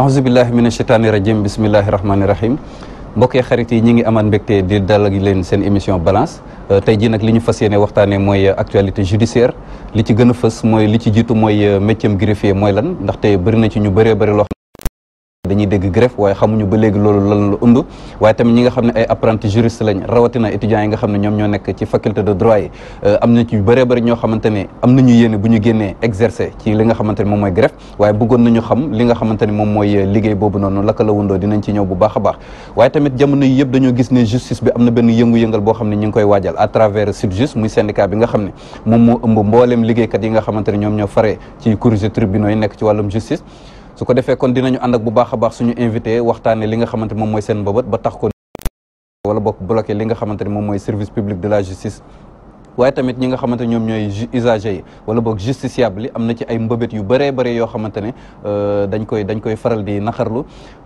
ahousubillahi mina sheytaani rajim bisimillahi rahmaani rahim mbokkee xarit yi ñi ngi amaan mbégte di dalal leen seen émission balance euh, tey jii nag li ñu fas yéene waxtaanee mooy actualité judiciaire li ci gën a fës mooy li ci jiitu mooy euh, métier greffier mooy lan ndaxte bëri na ci ñu bëree bëri loo dañuy dégg greffe waaye xamuñu ba léegi loolu lan la und waaye tamit ñi nga xam ne ay apprenti juriste lañ rawatina étudiants yi nga xam ne ñoom ñoo nekk ci faculté de droit yi euh, am na ci bëree ñoo xamante ne am nañu yéene bu ñu génnee exercer ci li nga xamante ne moom mooy greffe waaye bëggoon nañu xam li nga xamante ne moom mooy euh, liggéey boobu noonu laka la wundoo dinañ ci ñëw bu baax a baax waaye tamit yi yëpp dañoo gis ne justice am na benn yëngu boo xam ne ñi ngi koy waajal à travers SYTJUST muy syndicat bi nga xam ne moom moo ëmb mbooleem liggéeykat nga xamante ne ñoom ñoo fare ci cours de tribunaux yi nekk ci wàllum justice su ko defee kon dinañu ànd ak bu baax a baax suñu invité waxtaanee li nga xamante moom mooy seen mbëbët ba tax ko wala bokk bloqué li nga xamante ne moom mooy service public de la justice waaye tamit ñi nga xamante ñoom ñooy usagers yi wala boog justiciable yi am na ci ay mbëbët yu bëree bëri yoo xamante ne euh, dañ koy dañ koy faral di naqarlu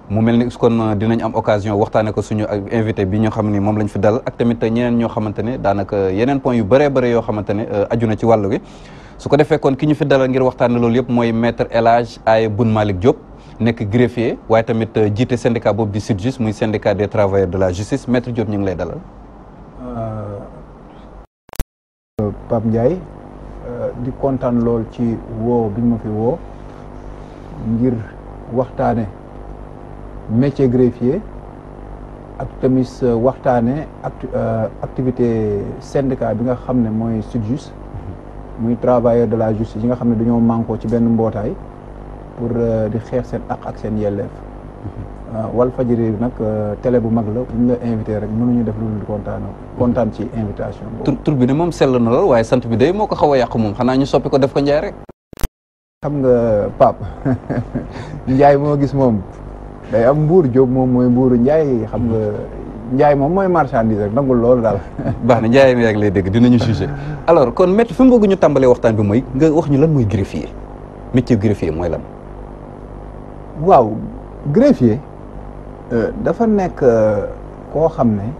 mu mel ni kon euh, dinañ am occasion waxtaane ko suñu invité bi ñoo xam ni moom lañ fi dal ak tamit ñeneen ñoo xamante ne daanaka yeneen point yu bëree bëri yoo xamante ne euh, aju ci wàll wi su ko defee kon ki ñu fi dalal ngir waxtaanee loolu yëpp mooy maître El Hadj Aye Boun Malick Diop nekk greffier waaye tamit euh, jiite syndicat boobu di SYTJUST muy syndicat des travailleurs de la justice maître Diop ñu ngi lay dalal. Euh, Ndiaye euh, di kontaan lool ci woo bi ñu fi woo ngir waxtaane métier greffier ak tamit waxtaane activité syndicat bi nga xam ne mooy SYTJUST muy travailleur de la justice yi nga xam ne dañoo mànkoo ci benn mbootaay pour euh, di xeex seen ak ak seen yelleef mm-hmm. euh, Walfadjri bi nag euh, télé bu mag la bu ñu la invité rek mënuñu def lu dul kontaan mm-hmm. kontaan ci invitation boobu. tur bi ne moom sell na lool waaye sant bi day moo ko xaw a yàq moom xanaa ñu soppi ko def ko Ndiaye rek. xam nga Pape Ndiaye moo gis moom day am mbuur Diop moom mooy mbuuru njaay xam nga. njaay moom mooy marchandise rek nangul loolu daal. baax na njaay mi rek lay dégg dinañu jugé alors kon maître fi mu ñu tàmbalee waxtaan bi mooy nga wax ñu lan mooy greffier ci greffier mooy lan. waaw greffier euh, dafa nekk euh, koo xam ne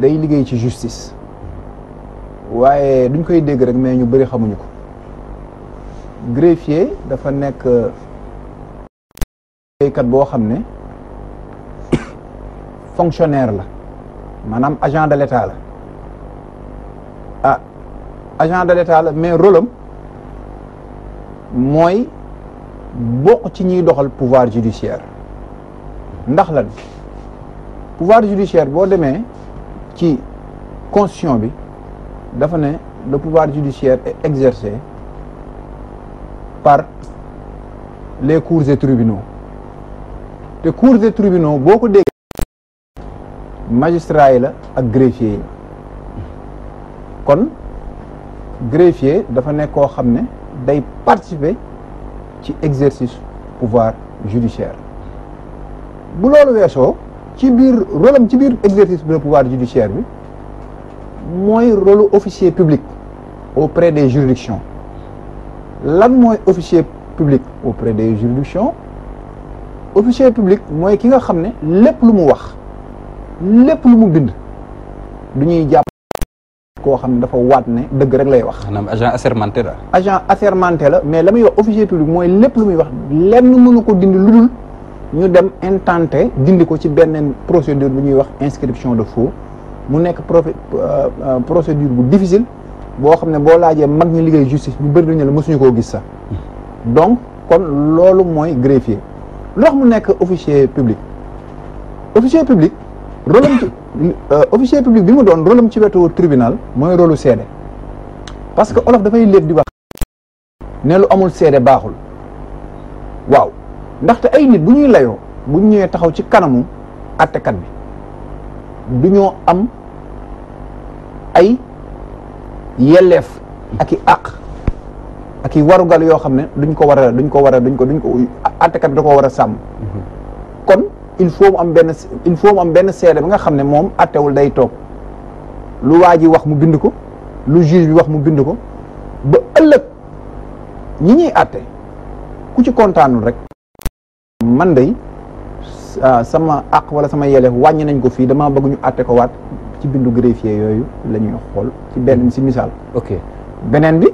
day liggéey ci justice waaye duñ koy dégg rek mais ñu bëri xamuñu ko greffier dafa nekk béykat euh, boo xam ne. fonctionnaire la maanaam agent de l'état la ah agent de l'état la mais rôle am mooy bokk ci ñuy doxal pouvoir judiciaire ndax lan pouvoir judiciaire boo demee ci constitution bi dafa ne le pouvoir judiciaire est par les cours et tribunaux te cours et tribunaux boo ko dégg magistrat la ak greffier yi la kon greffier dafa nekk koo xam ne day participer ci exercice pouvoir judiciaire bu loolu weesoo ci biir rôle ci biir exercice de pouvoir judiciaire bi mooy rôle officier public auprès des juridictions lan mooy officier public auprès des juridictions officier public mooy ki nga xam ne lépp lu mu wax lépp lu mu bind du ñuy jàpp koo xam ne dafa waat ne dëgg rek lay wax. maanaam agent assermenté la. agent assermenté la mais la muy wax officier public mooy lépp lu muy wax lenn mënu ko dindi lu dul ñu dem intenté dindi ko ci benn procédure bu ñuy wax inscription de faux mu nekk euh, euh, procédure bu difficile boo xam ne boo laajee mag ñu liggéey justice ñu bëri nañu la mësuñu koo gis sax donc kon loolu mooy greffier loo xam mu nekk officier public officier public. rôle am ci euh, officier public bi mu doon rolam ci wetu tribunal mooy rolu lu seede parce que olof dafay léeb di wax ne lu amul seede baaxul waaw ndaxte ay nit bu ñuy layoo bu ñëwee taxaw ci kanamu àttekat bi du ñoo am ay yelleef ak i àq ak i warugal yoo xam ne duñ ko war a duñ ko war a duñ ko duñ ko àttekat bi da ko war a sàmm mhm. il faut am benn il faut am benn seede bi nga xam ne moom attewul day toog lu waa ji wax mu bind ko lu juge bi wax mu bind ko ba ëllëg ñi ñuy àtte ku ci kontaanul rek man day sama àq wala sama yelleef wàññi nañ ko fii damaa bëgguñu ñu ko waat ci bindu greffier yooyu lañuy xool ci benn si misaal. ok beneen bi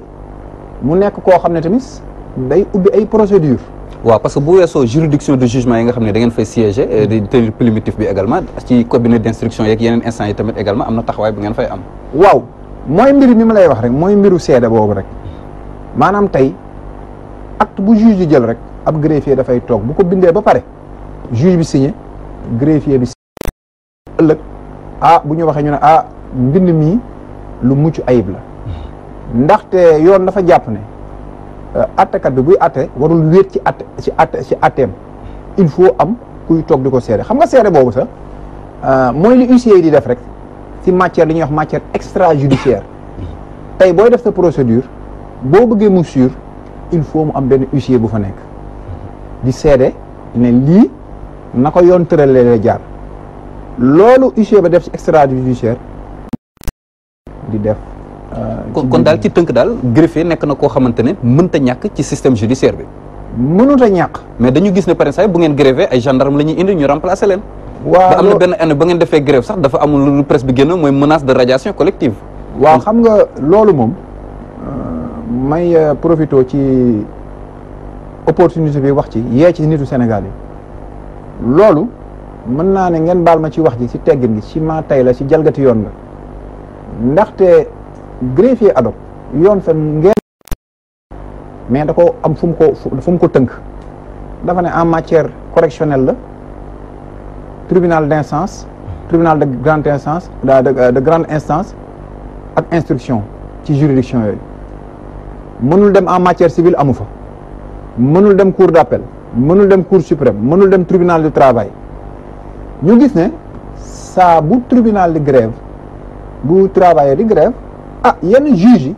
mu nekk koo xam ne tamit day ubbi ay procédure waaw parce que bu weesoo juridiction de jugement yi nga xam ne da ngeen fay siéger eh, di tenir primitif bi également ci cabinet d' instruction yeeg yeneen instants yi tamit également am na taxawaay bu ngeen fay am waaw mooy mbir mi ma lay wax rek mooy mbiru seede boobu rek maanaam tey acte bu juge di jël rek ab greffier dafay toog bu ko bindee ba pare juge bi signé greffier bi ëllëg ah bu ñu waxee ñu ne ah mbind mii lu mucc ayib la hmm. ndaxte yoon dafa jàpp ne Euh, attekat bi buy ate warul wéet ci atte ci atte ci atteem il faut am kuy toog di ko seere xam nga seere boobu sax euh, mooy li huissier yi di def rek ci matière li ñuy wax matière extrajudiciaire tey booy def sa procédure boo bëggee mu sûr il faut mu am benn huissier bu fa nekk di seede ne lii na ko yoon tëralee la jaar loolu huissier ba def ci extrajudiciaire di def Euh, kon kon daal ci tënk daal greffier nekk na koo xamante ne mënta ñàkk ci système judiciaire bi. mënut a ñàkk. mais dañu gis ne par exemple bu ngeen grévé ay gendarme la ñuy indi ñu remplacer leen. waaw ba am na benn année ba ngeen defee grève sax dafa amul lu presse bi génn mooy menace de radiation collective. waaw xam nga loolu moom euh, may euh, profité ci opportunité bi wax ci yee ci nitu Sénégal yi loolu mën naa ne ngeen baal ma ci wax ji ci teggin bi ci ma tey la ci jalgati yoon nga greffier ad hoc yoon sa ngeen mais da ko am fu mu ko fu mu ko tënk dafa ne en matière correctionnelle la tribunal d'instance tribunal de grande instance de de ak instruction ci juridiction yooyu mënul dem en matière civile amu fa mënul dem cour d'appel mënul dem cour suprême mënul dem tribunal du travail ñu gis ne saa bu tribunal di grève bu travailleur di grève ah yenn juges yi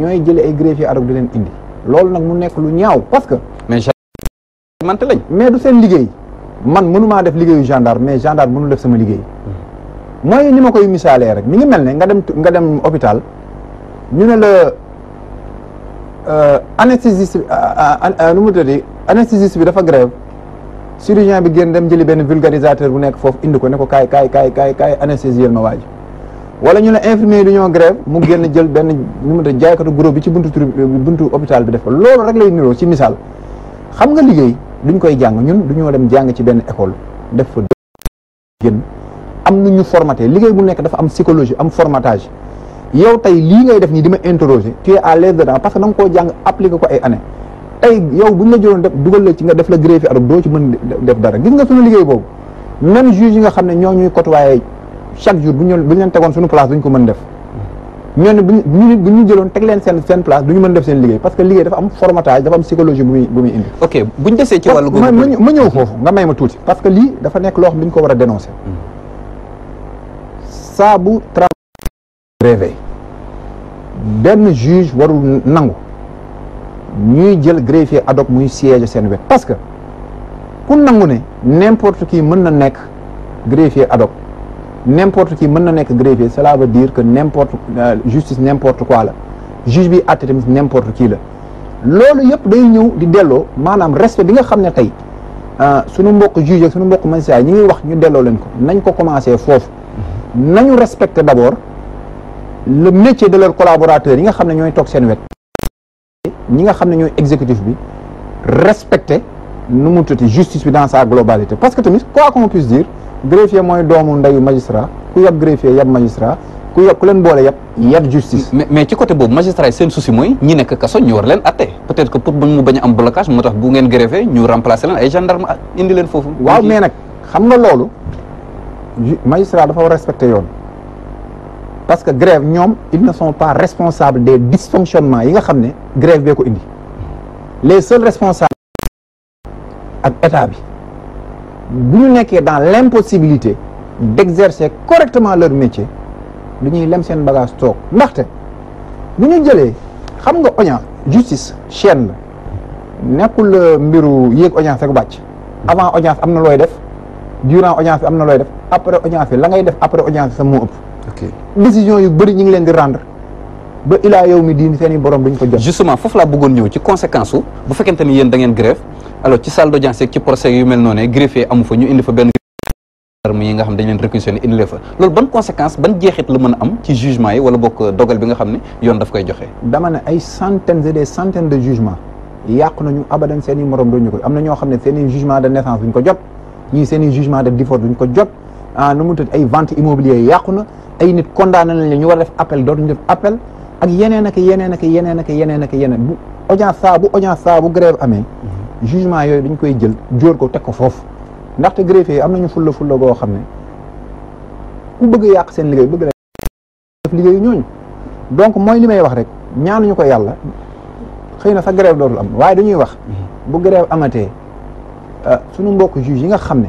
ñooy jëlee ay greffier ad hoc di leen indi loolu nag mu nekk lu ñaaw parce que. mais mante lañ. mais du seen man mënumaa def liggéeyu gendarme mais gendarme mënul sama liggéey mooy ni ma koy misaalee rek mi ngi mel ne nga dem nga dem hôpital ñu ne la. Euh, anesthésiste euh, euh, nu mu tëddee anesthésiste bi dafa grève chirurgien bi génn dem jëli benn vulgarisateur bu nekk foofu indi ko ne ko kaay kaay kaay kaay kaay anesthésiel ma waaj wala ñu ne infirmier yi dañoo grève mu génn jël benn ñu mu de jaaykatu gros bi ci buntu tur euh, buntu hôpital bi def ko loolu rek lay niroo ci misaal xam nga liggéey duñ koy jàng ñun duñoo dem jàng ci benn école def fa génn am na ñu formaté liggéey bu nekk dafa am psychologie am formatage yow tey lii ngay def nii di ma interroger tu parce que da nga koo jàng appliqué ko ay anne tey yow bu ñu la dugal la ci nga def la greffier arab doo ci mën def dara gis nga suñu liggéey boobu même juge yi nga xam ne ñoo ñuy côtoyé chaque jour bu ñu bu ñu leen tegoon suñu place ko mën def ñooñu bu ñu bu ñu jëloon teg leen seen seen place ñu mën def seen liggéey parce que liggéey dafa am formatage dafa am psychologie bu muy bu muy indi. ok bu ñu desee ci wàllu. góob ma ñëw foofu nga may ma tuuti. parce que lii dafa nekk loo xam ne ko war a dénoncer. saabu bu benn juge warul nangu ñuy jël greffier ad hoc muy siège seen wet parce que ku nangu ne n'importe qui mën na nekk greffier ad n'importe qui mën na nekk greffier cela veut dire que n'importe euh, justice n'importe quoi la juge bi àtte tamit n'importe qui la loolu yëpp day ñëw di delloo maanaam respect bi nga xam ne tey euh, sunu mbokk juge sunu mbokk magistrat ñi ngiy wax ñu delloo leen ko nañ ko commencé foofu nañu respecter d'abord le métier de leurs collaborateurs yi nga xam ne ñooy toog seen wet ñi nga xam ne ñooy exécutif bi respecter nu mu tuddati justice bi dans sa globalité parce que tamit quoi qu'on puisse greffier mooy doomu ndeyu magistrat ku yab greffier yab magistrat ku yab ku leen boole yab yab justice mais ci côté boobu magistrat seen souci mooy ñi nekk kaso ñu war leen atte peut-être que pour bu mu bañ a am blocage moo tax bu ngeen greffé ñu remplacer leen ay gendarme ah, indi leen foofu waaw mais nag xam nga loolu magistrat dafa war respecter yoon parce que grève ñoom ils ne sont pas responsables des dysfonctionnements yi nga xam ne grève bee ko indi les seuls responsables bi bu ñu nekkee dans l'impossibilité d'exercer correctement leur métier dañuy lem seen bagage toog ndaxte bu ñu jëlee xam nga oignan justice chaîne la nekkul euh, mbiru yéeg audience rek wàcc avant audience am na looy def durant audience bi am na looy def après audience bi la ngay def après audience bi sax moo ëpp décision yu bëri ñu ngi leen di rendre ba ilaa yow mi diin seen i borom duñ ko jot. justement foofu laa bëggoon ñëw ci conséquence su bu fekkente ni yéen da ngeen grève alors ci salle d'audience yeeg ci procès yu mel noonu greffier amu fa yi nga xam dañ leen réquisitionné indi fa loolu ban conséquence ban jeexit la mën a am ci jugement yi wala bokk dogal bi nga xam ne yoon daf koy joxe. dama ne ay centaines et des de jugements yàqu nañu abadan seen i morom duñu am na ñoo xam ne seen i jugement de naissance duñ ko jot ñii seen i jugement de divorce ah, nit condamné nañ la ñu ak yeneen ak yeneen ak yeneen ak yeneen ak yeneen bu audience saa bu audience saa bu grève amee jugement yooyu dañ koy jël jóor ko teg ko foofu ndaxte greffier yi am nañu fulla fulla goo xam ne ku bëgg yàq seen liggéey bëgg def liggéeyu ñooñu donc mooy li may wax rek ñaanuñu ko yàlla xëy na fa grève dootul am waaye dañuy wax bu grève amatee euh, suñu mbokk juge yi nga xam ne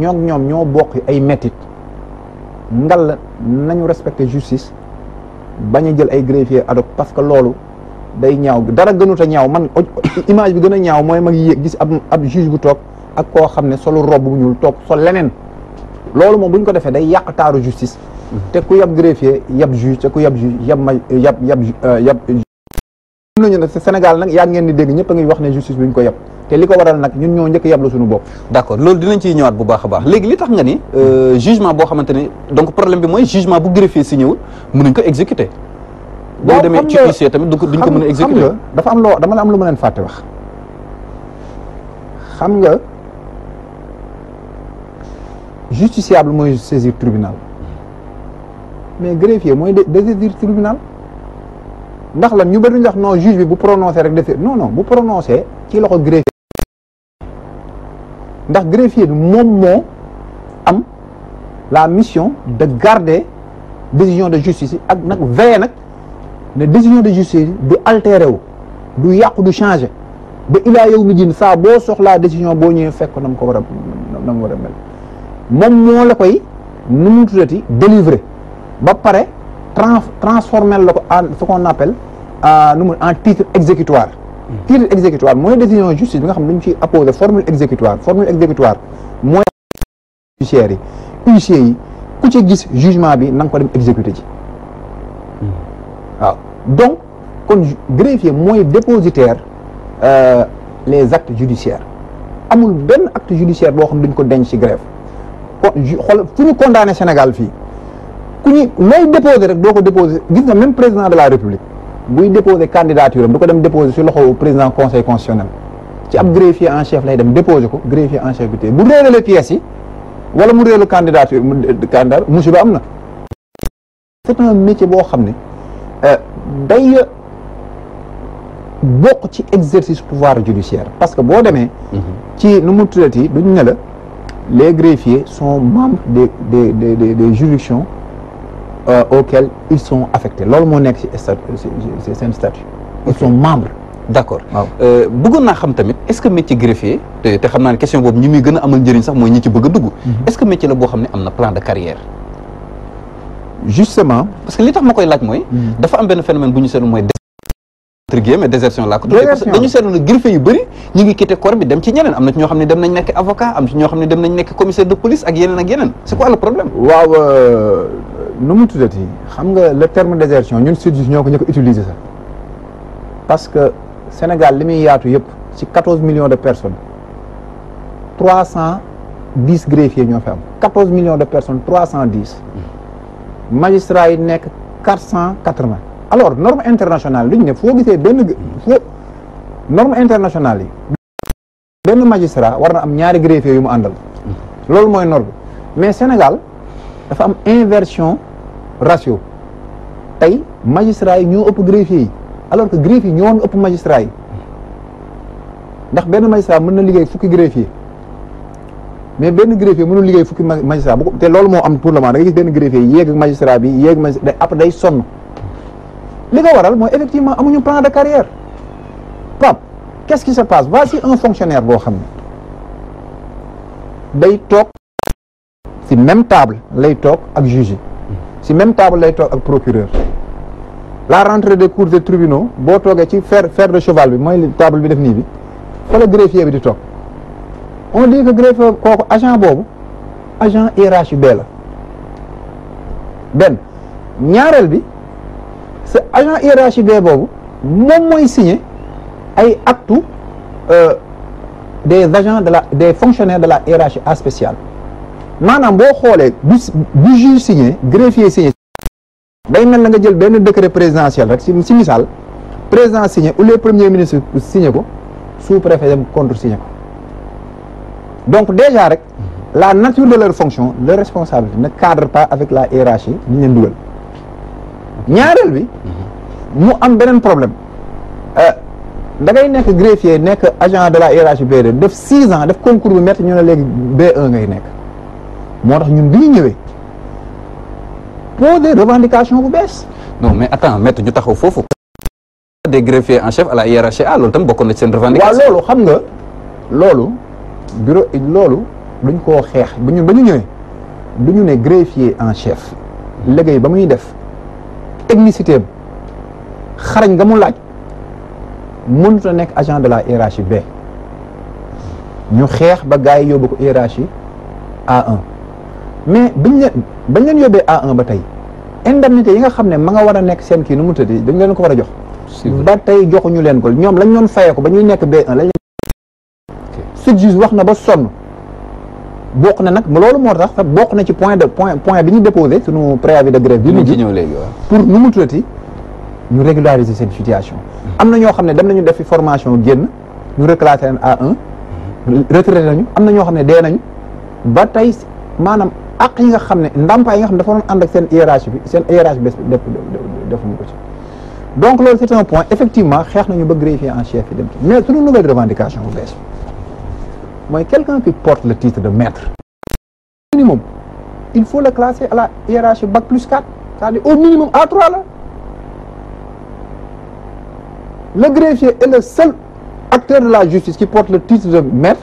ñoog ñoom ñoo bokki ay mettit ngal nañu respecté justice bañ a jël ay greffier ad parce que loolu day ñaaw dara gënut a ñaaw man image bi gën a ñaaw mooy mag gis ab ab juge bu toog ak koo xam ne solu robe bu ñuul toog sol leneen loolu moom bu ñu ko defee day yàq taaru justice te ku yab greffier yab juge te ku yab juge yab ma yab yab yab nañu nag Sénégal nag yaa ngeen di dégg ñëpp a ngi wax ne justice bu ñu ko yab te li ko waral nag ñun ñoo njëkk yablu suñu bopp d'accord loolu dinañ ciy ñëwaat bu baax a baax léegi li tax nga ni euh, hmm. jugement boo xamante ne donc problème bi mooy jugement bu greffier si ñëwul mënuñ ko exécuter boo demee ci huissier tamit duñ ko mën a exécuter dafa am loo dama am lu ma leen fàtte wax xam nga justiciable mooy saisir tribunal mais greffier mooy saisir tribunal ndax lan ñu bëri ñu wax non juge bi bu prononcé rek de non non bu prononcé ci loxo greffier ndax greffier bi moom moo am la mission de garder décision de justice ak nag veiller nag ne décision de justice yi du altéré du yàqu du changé ba ilaa yow mi jin saa boo soxlaa décision boo ñëwee fekk na mu ko war a na mu war mel moom moo la koy nu mu tuddati délivrer ba pare transformer la ko en ce qu'on appelle euh, nu mu en titre exécutoire titre exécutoire mooy décision justice bi nga xam ne dañu ciy apposé formule exécutoire formule exécutoire mooy huissiers yi huissiers yi ku ci gis jugement bi nang ko dem exécuter ci hmm. waaw donc kon greffier mooy dépositaire euh, les actes judiciaires amul benn acte judiciaire boo xam ne dañ ko denc ci greffe kon xool fu ñu condamné Sénégal fii ku ñu looy déposé rek doo ko déposé gis nga même président de la République buy déposer candidature am du ko dem déposer si loxo président conseil constitutionnel ci ab greffier en chef lay dem déposer ko greffier en chef bi tey bu réerale pièces yi wala mu réerlu candidature euh, candidat musiba am na c'est un boo xam ne euh, day bokk ci exercice pouvoir judiciaire parce que boo demee mm-hmm. ci nu mu tuddati duñ ne la les greffiers sont membres de de des des juridictions Euh, auxquels ils sont affectés loolu moo nekk ci seen statut ils sont membres d' accord euh, bëggoon naa xam tamit est ce que métier greffier te xam naa ne question boobu ñi muy gën a amal njëriñ sax mooy ñi ci bëgg dugg mhm. est ce que métier la boo xam ne am na plan de carrière justement parce que li tax ma koy laaj mooy mhm. dafa am benn phénomène bu ñu seetlu mooy entre guillemets désertion laa ko tuddee parce que dañu seetlu ne greffier yu bëri ñu ngi quitté corps bi dem ci ñeneen am na ci xam ne dem nañ nekk avocat am ci ne dem nañ nekk commissaire de police ak yeneen ak yeneen nu mu tuddati xam nga le terme désertion ñun sudjus ñoo ko ñu ko utiliser sax parce que Sénégal li muy yaatu yëpp ci quatorze millions de personnes trois cent dix greffiers ñoo fi am quatorze millions de personnes trois cent dix magistrats yi nekk quatre cent quatre-vingts alors norme internationale duñu ne foo gisee benn foo norme internationale yi benn magistrat war na am ñaari greffier yi mu àndal loolu mooy norme mais Sénégal dafa am inversion ratio tey magistrat yi ñoo ëpp greffier yi alors que greffier yi ñoo ëpp magistrat yi ndax benn magistrat mën na liggéey fukki greffier mais benn greffier mënul liggéey fukki magistrat bu ko te loolu moo am pour le moment da nga gis benn greffier yéeg magistrat bi yéeg magistrat après day sonn li ko waral mooy effectivement amuñu plan de carrière Pape qu'est-ce qui se passe un fonctionnaire boo xam ne day toog si même table lay toog ak juge hmm. si même table lay toog ak procureur la rentrée des cours de tribunaux boo toogee ci fer fair de cheval bi mooy table bi def nii bi fa la greffier bi di toog on dit que greffier kooku agent boobu agent IRHB la benn ñaareel bi ce agent IRHB boobu moom mooy signer ay actu euh, des agents de la des fonctionnaires de la IRHA spéciale maanaam boo xoolee bu bu juge signé greffier signé day mel na nga jël benn décret présidentiel rek si si misaal président signé ou le premier ministre signé ko sous préfet contre signé ko donc déjà rek la nature de leur fonction leur responsabilité ne cadre pas avec la hiérarchie ñu leen dugal ñaareel bi mu am beneen problème euh, da ngay nekk greffier nekk agent de la hiérarchie B2 def six ans def concours bu métti ñu ne léegi B1 ngay nekk moo tax ñun bi ñu ñëwee poser revendication bu bees. no mais attends maître ñu taxaw foofu. des greffiers en chef à la IRHA ah, loolu tam bokkoon na ci seen revendication. waaw xam nga loolu bureau loolu duñ koo xeex bu ñu ba ñu ñëwee du ñu ne greffier en chef liggéey ba muy def technicité xarañ nga mu laaj mënut a nekk agent de la be ñu xeex ba gars yi yóbbu ko IRHI A1. mais biñ leen bañ leen yóbbee A1 ba tey indemnité yi nga xam ne ma nga war a nekk seen kii nu mu tëddee dañ leen ko war a jox. ba tey joxuñu leen ko ñoom lañ doon fayee ko ba nekk B1 lañ wax na ba sonn bokk na nag loolu moo tax sax bokk na ci point de point point bi ñu déposé sunu préavis de grève bi. mujj ñëw léegi pour nu mu tuddati ñu régulariser seen situation. Hmm. am na ñoo xam ne dem nañu def fi formation génn ñu reclassé leen A1. Hmm. retraité nañu am na ñoo xam ne dee nañu ba tey maanaam. ak yi nga xam ne ndàmpaay yi nga xam ne dafa doon ànd seen IRH seen IRH bi defuñu ko ci donc loolu c'est un point effectivement xeex nañu ba greffier en chef yi dem ci mais mooy quelqu'un qui porte le titre de maître minimum il faut le classer à la IRH bac plus 4 c'est-à-dire au minimum A3 la le greffier est le seul acteur de la justice qui porte le titre de maître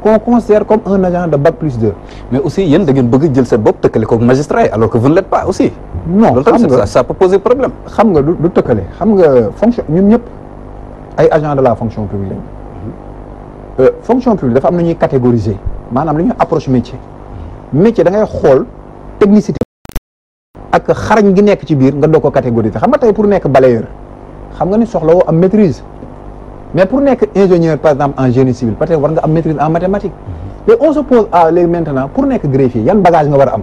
qu'on considère comme un agent de bac plus 2. mais aussi yéen da ngeen bëgg jël seen bopp tëkkale ko magistrat yi alors que vous ne l'êtes pas aussi. non loolu tamit ça ça problème. xam nga du du tëkkale xam nga fonction ñun ñëpp ay agent de la fonction publique lañ. Mm-hmm. Euh, fonction publique dafa am na ñuy catégoriser maanaam li ñuy approche métier métier dangay ngay xool technicité. ak xarañ gi nekk ci biir nga doog ko catégoriser xam nga tey pour nekk bale balayeur xam nga ni soxla woo am mais pour nekk ingénieur par exemple en génie civil peut être war nga am maîtrise en mathématiques mhm. mais on se pose à ah, léegi maintenant pour nekk greffier yan bagage nga war a am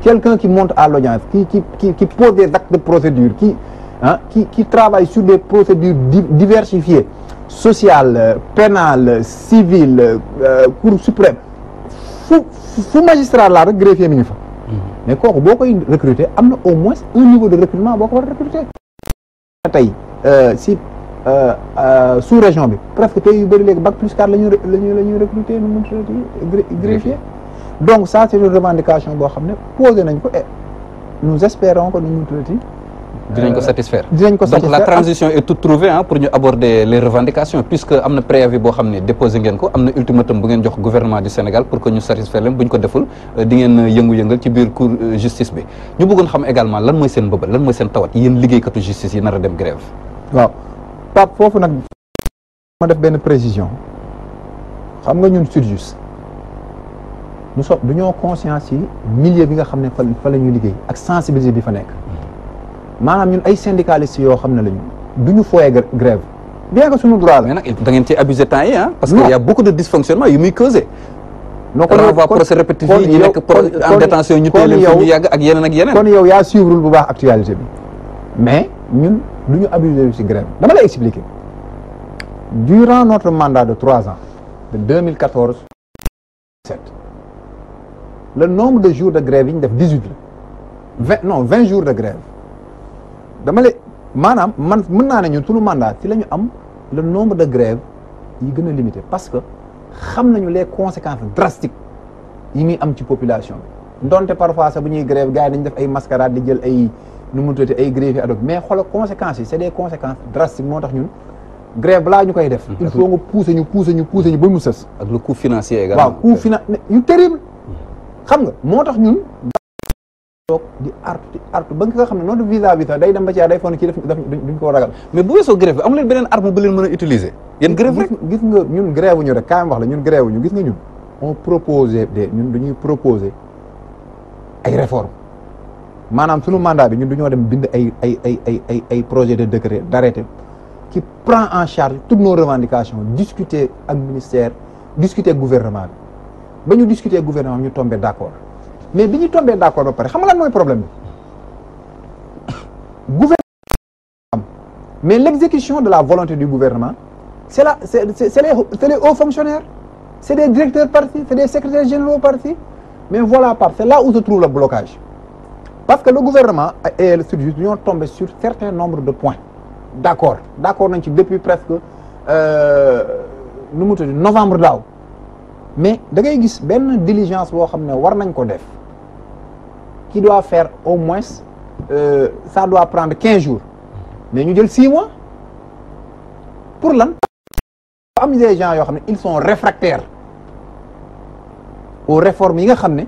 quelqu'un qui monte à l'audience qui qui qui qui pose des actes de procédure qui ah qui qui travaille sur des procédures diversifiées sociales pénales civiles euh, cour suprême fu fu magistrat laa rek greffier mi ngi fa mhm. mais kooku boo koy recruter am na au moins un niveau de recrutement boo ko war a tey euh, si Euh, euh, sous région bi préfecture yu bëri léegi bac plus 4 la ñuy la la ñuy recruter nu mu tuddati greffier donc ça c' est revendication boo xam ne posé nañ ko et nous espérons que nu mu tuddati euh, dinañ ko satisfaire dinañ ko satisfaire donc la transition est toute trouvée pour ñu aborder les revendications puisque am na préavis boo xam ne déposé ngeen ko am na ultimatum bu ngeen jox gouvernement du Sénégal pour que ñu satisfaire leen bu ñu ko deful di ngeen yëngu-yëngal ci biir cour justice bi ñu bëggoon xam également lan mooy seen bëbël lan mooy seen yéen liggéeykatu justice yi nar dem grève Pape foofu nag ma def benn précision xam nga ñun surjus nous sommes dañoo conscience ci milieu bi nga xam ne fa la ñuy liggéey ak sensibilité bi fa nekk maanaam ñun ay syndicalistes yoo xam ne lañu du ñu fooyee grève bien que suñu droit la. mais ci abusé temps yi parce que y' a beaucoup de dysfonctionnement yu muy causé. non kon yow kon yi ñu nekk en détention ñu teel leen fi ñu yàgg ak yeneen ak yeneen. kon yow yaa suivrul bu baax actualité bi mais ñun. lu ñu abusé yu si grève dama lay expliquer durant notre mandat de trois ans de 2014 7 le nombre de jours de grève yi ñu def dix huit la vingt non vingt jours de grève maanaam man mën naa ne ñun tout le mandat ci la ñu am le nombre de grèves yi gën a limité parce que xam nañu les conséquences drastiques yi muy am ci population bi donte parfois sax bu ñuy grève gars yi dañu def ay mascarade di jël ay nu mu tuddati ay grève yi ad mais xoolal conséquences yi c' est des conséquences drastiques moo tax ñun grève balaa ñu koy def. Mm-hmm. il faut nga pousser ñu pousser ñu pousser ñu ba mu ses ak le coût financier également waaw xam nga moo tax ñun. toog di artu di ba nga xam ne noonu vis à day dem ba ci day foog ne kii daf duñ ko ragal. mais bu weesoo grève bi amu leen beneen arme bu leen mën a utiliser. yéen grève gis nga ñun grève ñu rek kaay wax la ñun grève ñu gis nga ñun. on proposé de ñun dañuy proposer ay réformes. maanaam sunu mandat bi ñun duñoo ñoo dem bind ay ay ay ay ay projet de décret d' arrêté qui prend en charge toutes nos revendications discuter ak ministère discuter ak gouvernement bi ñu discuter ak gouvernement bi ñu tombé d' accord mais bi ñu tombé d' accord ba pare xam nga lan mooy problème bi gouvernement mais l' exécution de la volonté du gouvernement c' la c' est c' est les c' est les hauts fonctionnaires c' est des directeurs mais voilà Pape c' est parce que le gouvernement et le Sud-Just ñoo tombé sur certain nombre de points d' accord d' accord nañ ci depuis presque euh, nu mu tudd novembre daaw mais da ngay gis benn diligence boo xam ne war nañ ko def qui doit faire au moins euh, ça doit prendre quinze jours mais ñu jël six mois pour lan am des gens yoo xam ne ils sont réfractaires aux réformes yi nga xam ne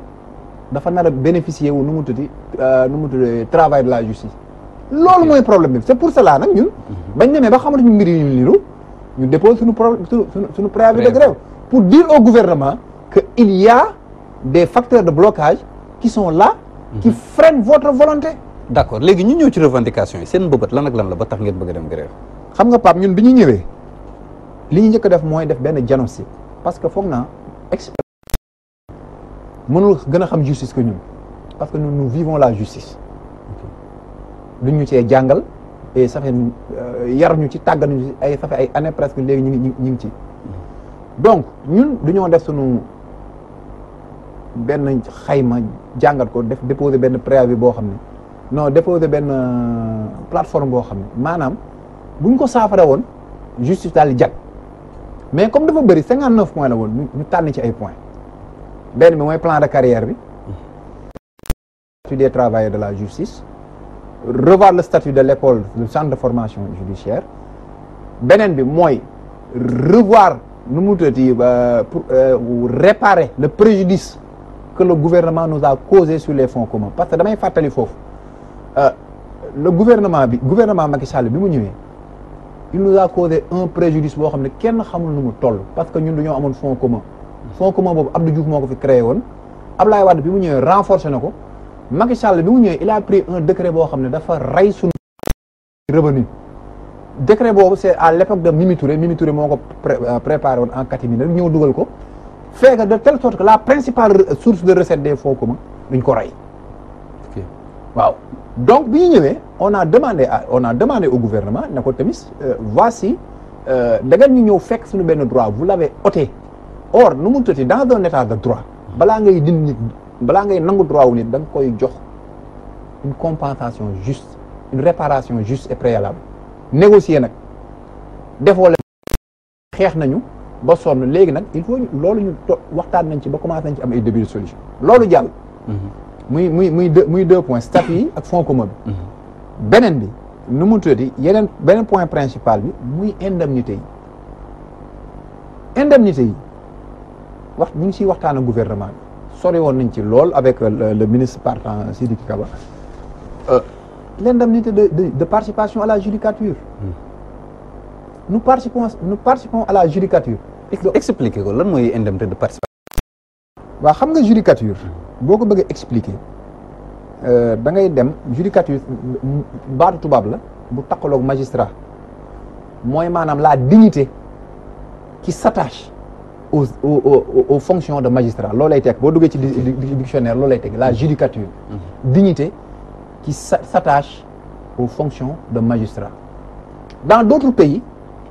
dafa nara a bénéficier wu nu mu tudd Euh, nu mu tuddee travail de la justice. loolu mooy problème bi c' est pour cela nag ñun. Mhm. bañ demee ba xamante ñu mbir yi ñu niru ñu dépose suñu problème su suñu préavis de grève pour dire au gouvernement que il y des facteurs de blocage qui son là. qui mhm. freinent votre volonté. d' accord léegi ñu ñëw ci revendication yi seen mbëbët lan ak lan la ba tax ngeen bëgg dem grève. xam nga Pape ñun bi ñu ñëwee li ñu njëkk def mooy def benn diagnostic parce que foog naa expert gën a xam justice parce que nous, nous vivons la justice du ñu cee jàngal et ça fait euh, yar ñu ci tàggal ñu ci ay ça ay années presque léegi ñu ngi ñu ngi ci donc ñun du ñoo def sunu benn xayma jàngat ko def déposer benn préavis boo xam ne non déposer benn euh, plateforme boo xam ne maanaam buñ ko saafaree woon justice daal di jag mais comme dafa bëri 59 points la woon ñu tànn ci ay point benn bi mooy plan de carrière bi. statut des travailleurs de la justice revoir le statut de l'école le centre de formation judiciaire beneen bi mooy revoir nu mu tëddee euh, pour euh, réparer le préjudice que le gouvernement nous a causé sur les fonds communs parce que damay fàttali foofu euh, le gouvernement bi gouvernement Macky Sall bi mu ñëwee il nous a causé un préjudice boo xam ne kenn xamul nu mu toll parce que ñun ñoo amoon fonds commun fonds commun boobu Abdou Diouf moo ko fi créé woon Abdoulaye Wade bi mu ñëwee renforcé na ko Macky Sall bi mu ñëwee il a pris un décret boo xam ne dafa rey suñu revenu décret boobu c' à l' époque de Mimi Touré Mimi Touré moo ko euh, préparé woon en catimini ñëw dugal ko fekk de telle sorte que la principale source de recette des fonds communs duñ ko rey waaw donc bi ñu ñëwee on demande demandé à on a ne ko tamis euh, voici euh, da ngeen ñu ñëw fekk suñu benn droit vous l' avez ôté or nu mu tëti dans un état de droit balaa ngay dindi balaa ngay nangu droit wu nit da nga koy jox une compensation juste une réparation juste et préalable négocier nag defoo la xeex nañu ba sonn léegi nag il faut loolu ñu waxtaan nañ ci ba commencé nañ ci am ay début de solution loolu jàll mm-hmm. muy muy muy deux muy deux points statut yi ak fonds commun bi mm-hmm. beneen bi nu mu tuddati yeneen beneen point principal bi muy indemnité yi indemnité yi wax ñu ngi siy waxtaan a gouvernement bi sori woon nañ ci lool avec le, le ministre partant Sidiki Kaba euh, l'indemnité de, de, de participation à la judicature hmm. nous participons nu participons à la judicature expliquer ko lan mooy indemnité de participation waaw xam nga judicature boo ko bëggee expliquer euh, da ngay dem judicature baatu tubaab la bu takkaloog magistrat mooy maanaam la dignité qui s'attache aux aux aux fonctions de magistrat loolay teg boo duggee ci dictionnaire loolay teg la judicature. Mhm. dignité qui s'attache aux fonctions de magistrat. dans d'autres pays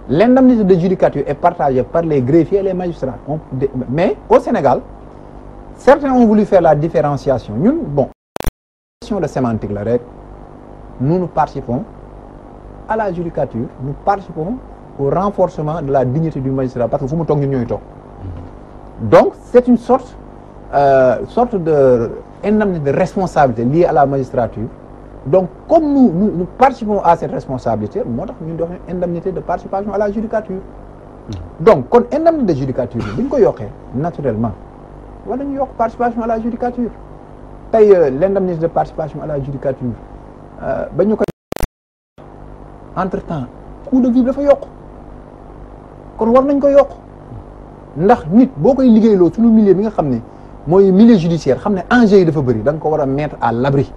l'indemnité de judicature est partagée par les greffiers et les magistrats mais au Sénégal certains ont voulu faire la différenciation ñun bon. question de sémantique la rek nous nous participons à la judicature nous participons au renforcement de la dignité du magistrat parce que fu mu donc c'est une sorte euh, sorte de indemnité de responsabilité liée à la magistrature donc comme nous nous, nous participons à responsabilité moo tax ñu dox indemnité de participation à la judicature donc kon indemnité de judicature bi ñu ko yokkee naturellement war ñu yokk participation à la judicature tey euh, l'indemnité de participation à la judicature euh, ba ñu ko entre temps coût de vie dafa yokk kon war nañ ko yokk ndax nit boo koy liggéeyloo suñu milieu bi nga xam ne mooy milieu judiciaire xam ne enjeu yi dafa bëri da ko war a mettre à l'abri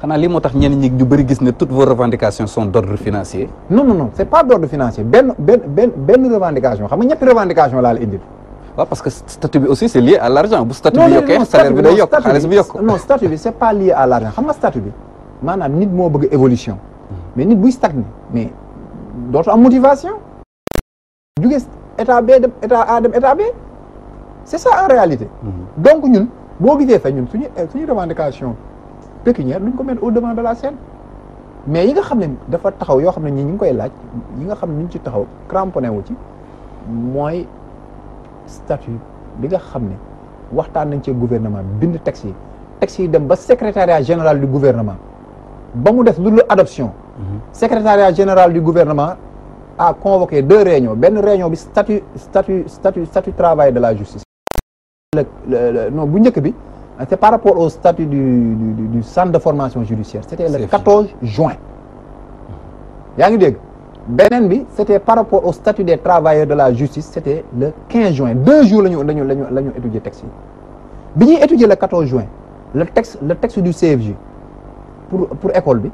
xanaa lii moo tax ñenn ñi ñu bëri gis ne toutes vos revendications sont d'ordre financier non non non c'est pas d'ordre financier benn benn benn benn revendication xam nga ñetti revendication laa la indil waaw parce que statut bi aussi c'est lié à l'argent bu statut bi yokkee salaire bi day yokk xaalis bi yokk non statut bi c'est xam nga statut bi maanaam nit moo bëgg évolution hmm. mais nit buy état B dem état A dem état B c' est ça en réalité. Mhm. donc ñun boo gisee fa ñun suñu eh, suñu revendication pécuniaire ñu ko mettre au devant de la scène mais yi nga xam ne dafa taxaw yoo xam ne ñi ñu ngi koy laaj yi nga xam ne ñu taxaw cramponné wu ci mooy statut bi nga xam ne waxtaan nañ ci gouvernement bind texte yi texte yi dem ba secrétariat général du gouvernement ba mu def lu adoption mhm. secrétariat général du gouvernement a convoqué deux réunions benn réunion bi statut statut statut statut travail de la justice non bu njëkk bi c'est par rapport au statut du, du, du centre de formation judiciaire c'était le 14 juin yaa ngi dégg beneen bi c'était par rapport au statut des travailleurs de la justice c'était le 15 juin deux jours lañu lañu lañu la ñu étudier texte yi bi ñuy étudier le 14 juin le texte le texte du CFJ pour pour école bi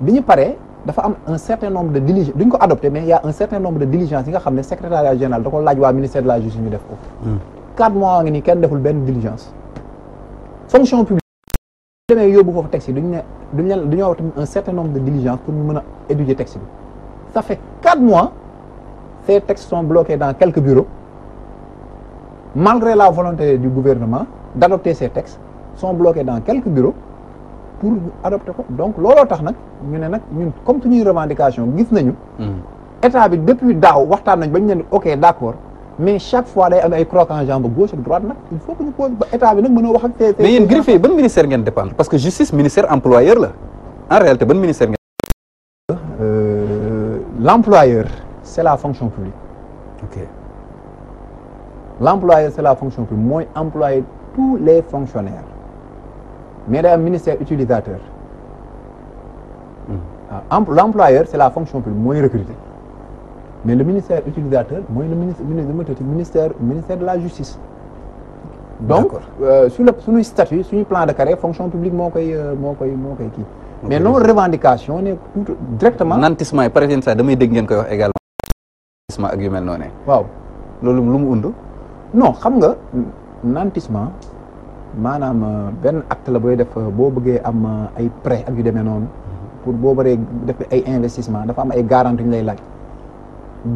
bi ñu paree dafa am un certain nombre de diligence duñ ko adopté mais il y a un certain nombre de diligence yi nga xam ne secrétariat général da ko laaj waa ministère de la justice ñu def ko. Hmm. quatre mois ngi nii kenn deful benn diligence. fonction publique. bu demee yóbbu foofu texte yi duñ ne duñ leen duñoo wax un certain nombre de diligence pour ñu mën a étudier texte bi. ça fait quatre mois ces textes sont bloqués dans quelques bureaux malgré la volonté du gouvernement d'adopter ces textes sont bloqués dans quelques bureaux. pour ñu adopté ko donc looloo tax nag ñu ne nag ñun comme suñuy revendication gis nañu hmm. état bi depuis daaw waxtaan nañ bañ ne ok d'accord mais chaque fois day am ay crocs en jambe gauche ak droite nag il faut que a wax ak mais yéen greffier ban ministère ngeen dépendre parce que justice ministère employeur la en réalité ban ministère ngeen euh, l'employeur c'est la fonction publique ok l'employeur c'est la fonction publique mooy employer tous les fonctionnaires mais day am ministère utilisateur waaw ah, l' employeur c' la fonction publique mooy recruter mais le ministère utilisateur mooy le ministre ministère ministère de la justice donc euh, su le suñuy statut suñu plan de carrière fonction publique moo koy euh, moo koy moo koy kii mais non revendication ne directement nantissement yi par exemple damay dégg ngeen koy wax également nantissement ak yu mel waaw loolu lu mu und non xam nga nantissement maanaam euh, benn acte la booy def euh, boo bëggee am euh, ay prêt ak yu demee noonu pour boo baree def ay investissement dafa am ay garantie ñu lay laaj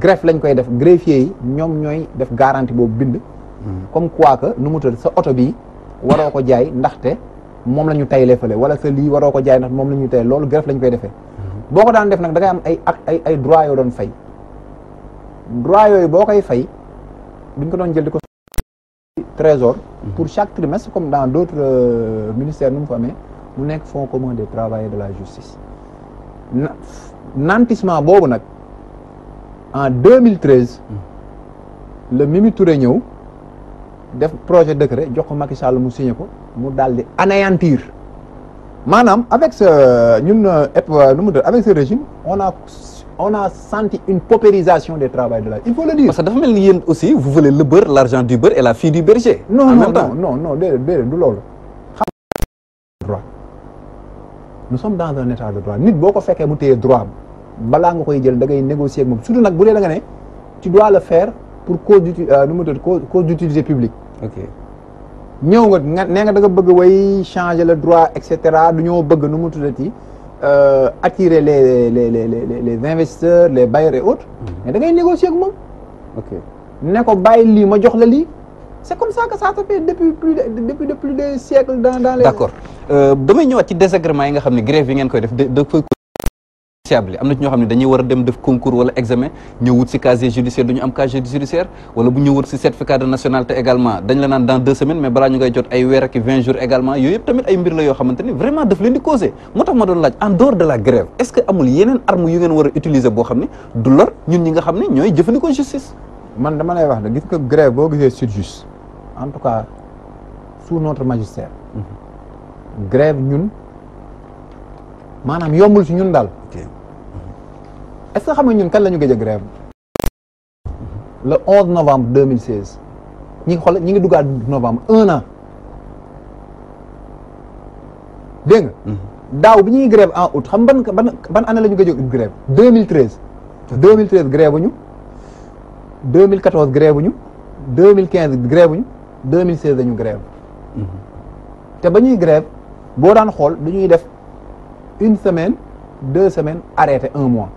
greffe lañ koy def greffier yi ñoom ñooy def garantie boobu bind hmm. comme quoi que nu mu tudd sa oto bi waroo ko jaay ndaxte moom la ñu taylee fële wala sa lii waroo ko jaay ndax moom la ñu tay loolu greffe lañ koy defee hmm. boo ko daan def nag da am ay ak ay ay droit yoo doon fay droit yooyu boo koy fay duñ ko doon jël di ko trésor mhm. pour chaque trimestre comme dans d'autres ministère euh, ministères nu mu fa amee mu nekk fon commun des travailleurs de la justice nantissement boobu nag en 2013 mhm. le Mimi Touré ñëw def projet décret jox ko Macky Sall mu signé ko mu daal di anéantir maanaam avec ce ñun euh, euh, mu régime on a on a senti une paupérisation des travailleurs de la il faut le dire. parce que dafa mel yéen aussi vous voulez le beurre l'argent du beurre et la fille du berger. non en non, même temps. non non non déedéet déedéet du loolu. xam droit nous sommes dans un état de droit nit boo ko fekkee mu téye droit balaa nga koy jël da ngay négocier moom surtout nag bu dee da nga ne tu dois le faire pour cause d'uti euh, nu mu tudd cause d'utilité publique. ok ñëw nga nee nga da nga bëgg way changer le droit et cetera du ñoo bëgg nu mu ti euh, attirer les les les les les investisseurs les bailleurs et autres. Mm-hmm. mais da ngay négocier ak moom. ok ne ko bàyyi lii ma jox la lii. c'est comme ça que ça se fait depuis plus de depuis de plus de siècles dans dans les. d'accord euh, damay ñëwaat ci désagrément yi nga xam ne grève yi ngeen koy def da koy. siable am na ci ñoo xam ne dañuy war a dem def concours wala examen ñëw wut si judiciaire du am casier judiciaire wala bu ñëw wut si certificat de également dañ la dans deux semaines mais balaa ñu ngay jot ay weer jours également yooyu tamit ay mbir la yoo xamante vraiment daf leen di causé moo tax ma doon laaj en dehors de la grève est-ce que amul yeneen arme yu ngeen war a utiliser boo xam ne du lor ñun ñi nga xam ne ñooy jëfandikoo justice maanaam yombul si ñun daal. est ce que xam nga ñun kan la ñu gëj a grève le 11 novembre 2016 ñi ngi xool ñi ngi duggaat novembre un an dégg nga. Mhm. daaw bi ñuy grève en août xam ban ban ban année la ñu gëj a grève 2013. 2013 grève ñu 2014 grève ñu 2015 grève ñu 2016 lañu grève te ba ñuy grève boo daan xool dañuy def. une semaine deux semaine arrêté un mois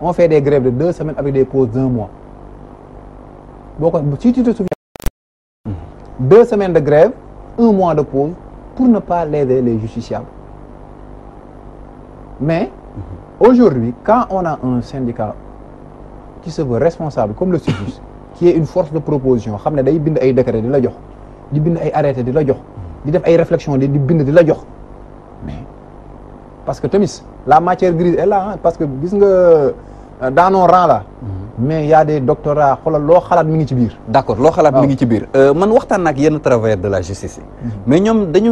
on fait des grèves de deux semaines avec des pauses d'un mois boo ko si tu te souviens deux semaines de grève mois de pause pour ne pas léser les justiciables mais aujourd'hui quand on a un syndicat qui se veut responsable comme le SYTJUST qui est une force de proposition xam ne day bind ay décret di la jox di bind ay arrêté di la jox di def ay réflexion di bind di la jox parce que tamit la matière grise et la parce que gis nga euh, dans nos la mhm. mais y a des doctorats xoolal loo xalaat mi ngi ci biir. d'accord loo xalaat mi ngi ci biir. Euh, man waxtaan na ak yenn travailleurs de la justice yi. Mhm. mais ñoom dañu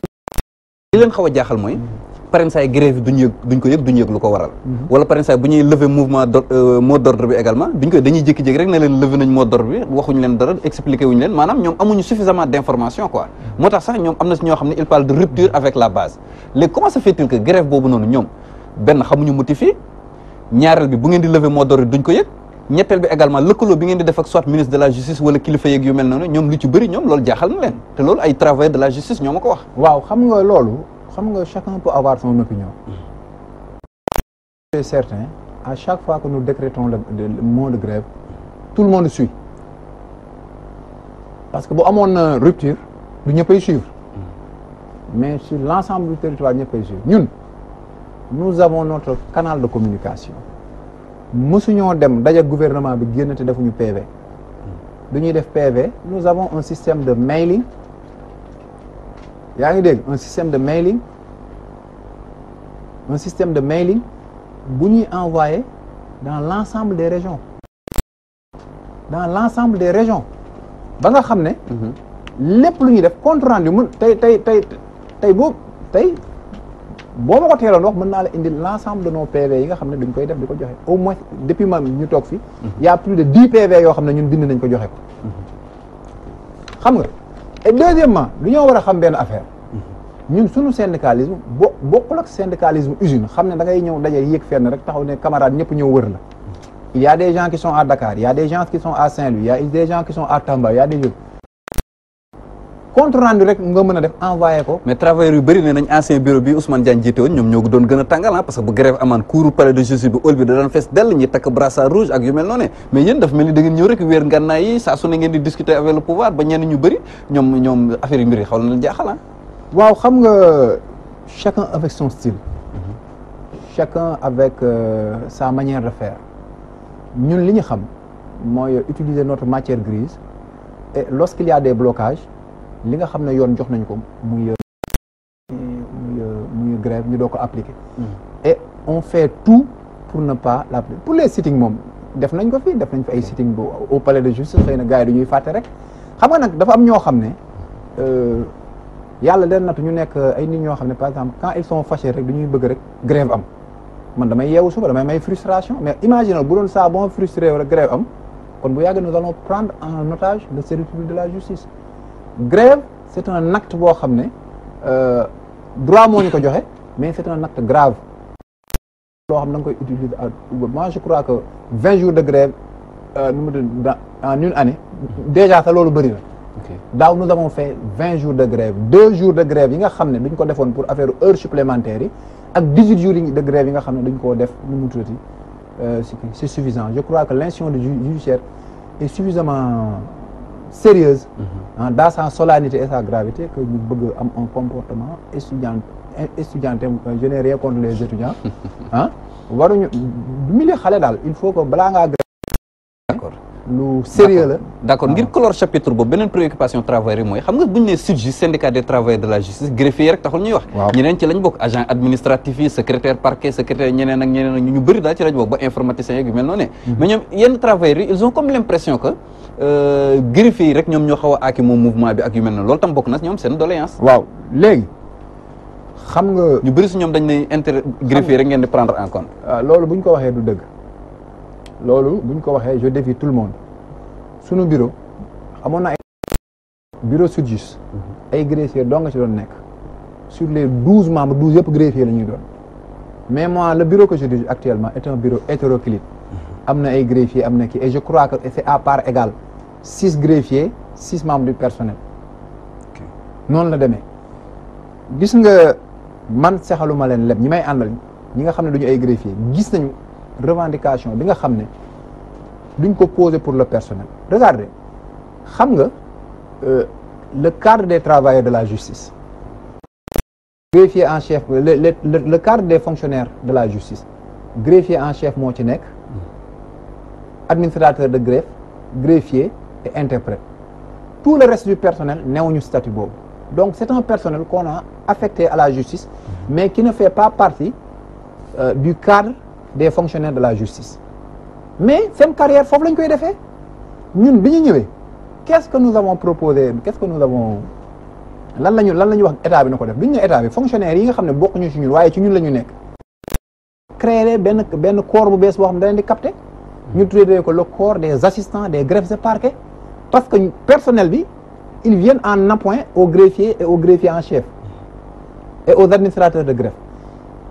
li leen xaw a jaaxal mooy. Mhm. parrainage grève bi duñ yëg duñ ko yëg duñ yëg lu ko waral mhm. wala parrainage bu ñuy lever mouvement euh, mot d'ordre bi également duñ koy dañuy ne leen lever nañ mot d'ordre bi waxuñ leen dara expliqué wuñ leen maanaam mhm. boobu noonu ñoom benn xamuñu motifié ñaareel bi bu ngeen di lever mot duñ ko yëg ñetteel bi également lëkkaloo bi ngeen di def soit ministre de la justice wala kilifa yeeg yu mel noonu ñoom lu ci bëri ñoom loolu jaaxal na leen te loolu ay travailleurs de la justice ñoo ma ko wax waaw xam nga loolu xam nga chacun peut avoir son opinion c'est mm. certain à chaque fois que nous décrétons le, le, le mot tout le monde suit parce que bu amoon rupture du ñëppay suivre mm. mais sur l'ensemble du territoire ñëppay suivre ñun nous avons notre canal de communication mësuñoo dem daje gouvernement bi génn te defuñu PV du mm. ñuy def PV nous avons un système de mailing yaa ngi dégg un système de mailing un système de mailing bu ñuy envoyé dans l' ensemble des régions dans l' ensemble des ba nga xam ne mhm. lépp lu ñuy def compte rendu mën tey tey tey tey boo tey boo ma ko teeloon wax mën naa la indi l' ensemble de nos PV yi nga xam ne dañ koy def di ko joxe au moins depuis ma ñu toog fi mhm. y' a plus de dix PV yoo xam ne ñun bind nañ ko joxe ko mhm. xam nga et deuxièmement dañoo war a xam benn affaire ñun suñu syndicalisme bo bokkul ak syndicalisme usine xam ne da ngay ñëw daje yéeg fenn rek taxaw ne camarade ñëpp ñëw wër la il y a des gens qui sont à Dakar il des gens qui sont à Saint-Louis il a des gens qui sont à Tamba il des gens compte rendu rek nga mën a def envoyé ko mais travailleurs yu bëri ne nañ ancien bureau bi Ousmane Diagne jiite woon ñoom ñoo doon gën a tàngal ah, parce que bu grève amaan cour palais de justice bi hall bi da doon fees dell ñi takk brassard rouge ak yu mel noonu mais yéen dafa mel ni da ñëw rek weer ngànnaay yi saa ngeen di discuter avec le pouvoir ba ñenn ñu bëri ñoom ñoom yu mbir xaw na leen ah. waaw xam nga chacun avec mhm. euh, sa manière de faire ñun li ñu xam mooy utiliser notre matière grise et lorsqu'il y a li nga xam ne yoon jox nañ ko muy muy muy grève ñu doo ko appliquer mm. et on fait tout pour ne pas l'appliquer pour les sitting moom def nañ ko fii def nañ fi ay sitting bu au palais de justice xëy na gars du ñuy fàtte rek xam nga nag dafa am ñoo xam ne euh, yàlla leen natu ñu nekk ay nit ñoo xam ne par exemple quand ils sont fâchés rek du ñuy bëgg rek grève am man damay yeewu suba damay may frustration mais imaginez bu doon saa bon frustré grève am kon bu yàgg nous allons prendre en otage le service public de la justice grève c' est un acte boo xam ne euh, droit moo ñu ko joxe mais c' est un acte grave xam da nga koy utiliser à moi que vingt jours de grève euh, nu mu en une année déjà sax loolu bëri na daaw nous avons fait vingt jours de grève deux jours de grève yi nga xam ne duñ ko defoon pour affaire heure supplémentaire yi ak dix huit jours de xam ne duñ koo def nu mu tuddati euh, c' est suffisant je crois que l'institution du judiciaire est suffisamment sérieuse hein, mm-hmm. ah, dans sa solennité et sa que ñu bëgg am un comportement étudiant étudiant je n'ai rien contre les étudiants ah waruñu milieu xale daal il faut que balaa ngaa d'accord lu sérieux la d'accord ngir ah. clore chapitre boobu beneen préoccupation travailleurs mooy xam nga bu ñu nee SYTJUST syndicat des travailleurs de la justice greffier yi rek taxul ñuy wax ñeneen ci lañ bokk agent administratif secrétaire parquet secrétaire ñeneen ñeneen ñu bëri daal ci lañ bokk ba informaticien yeeg yu mel noonu mm-hmm. Euh, griffe yi rek ñoom ñoo xaw a aaki moom mouvement bi ak yu mel ne loolu tam bokk na ñoom seen doléance waaw léegi xam nga ñu bëri si ñoom dañ ne intérêt griffe yi rek ngeen di prendre en compte ah, loolu buñ ko waxee du dëgg loolu buñ ko waxee je fii tout le monde sunu bureau xamoon na ay bureau sudjus mhm. ay greffier doo nga ci doon nekk sur les douze membres douze yëpp greffier la ñuy doon mais moi le bureau que je dirige actuellement est un bureau hétéroclite mhm. am na ay greffier am na kii je crois que c'est à part égale six greffiers six membres du personnel okay. noonu la demee gis nga man sexaluma leen leb ñi may àndal ñi nga xam ne duñu ay greffier gis nañu revendication bi nga xam ne duñ ko poser pour le personnel regardez xam nga euh, le cadre des travailleurs de la justice greffier en chef le, le, le, cadre des fonctionnaires de la justice greffier en chef moo ci nekk mm. administrateur de greffe greffier et interprète tout le reste du personnel newuñu statut boobu donc c'est un personnel qu'on a affecté à la justice mm-hmm. mais qui ne fait pas partie euh, du cadre des fonctionnaires de la justice mais seen carrière foofu lañ koy defee ñun bi ñu ñëwee qu'est-ce que nous avons proposé qu'est-ce que nous avons lan lañu lan la ñu wax état bi na ko def duñ ne état bi fonctionnaire yi nga xam ne bokkuñu ci ñun waaye ci ñun la ñu nekk benn benn corps bu bees boo xam ne dañ di capter mm-hmm. ñu tuddee ko le corps des assistants des greffes et parquets parce que personnel bi ils viennent en appoint aux greffiers et aux greffiers en chef et aux administrateurs de greffe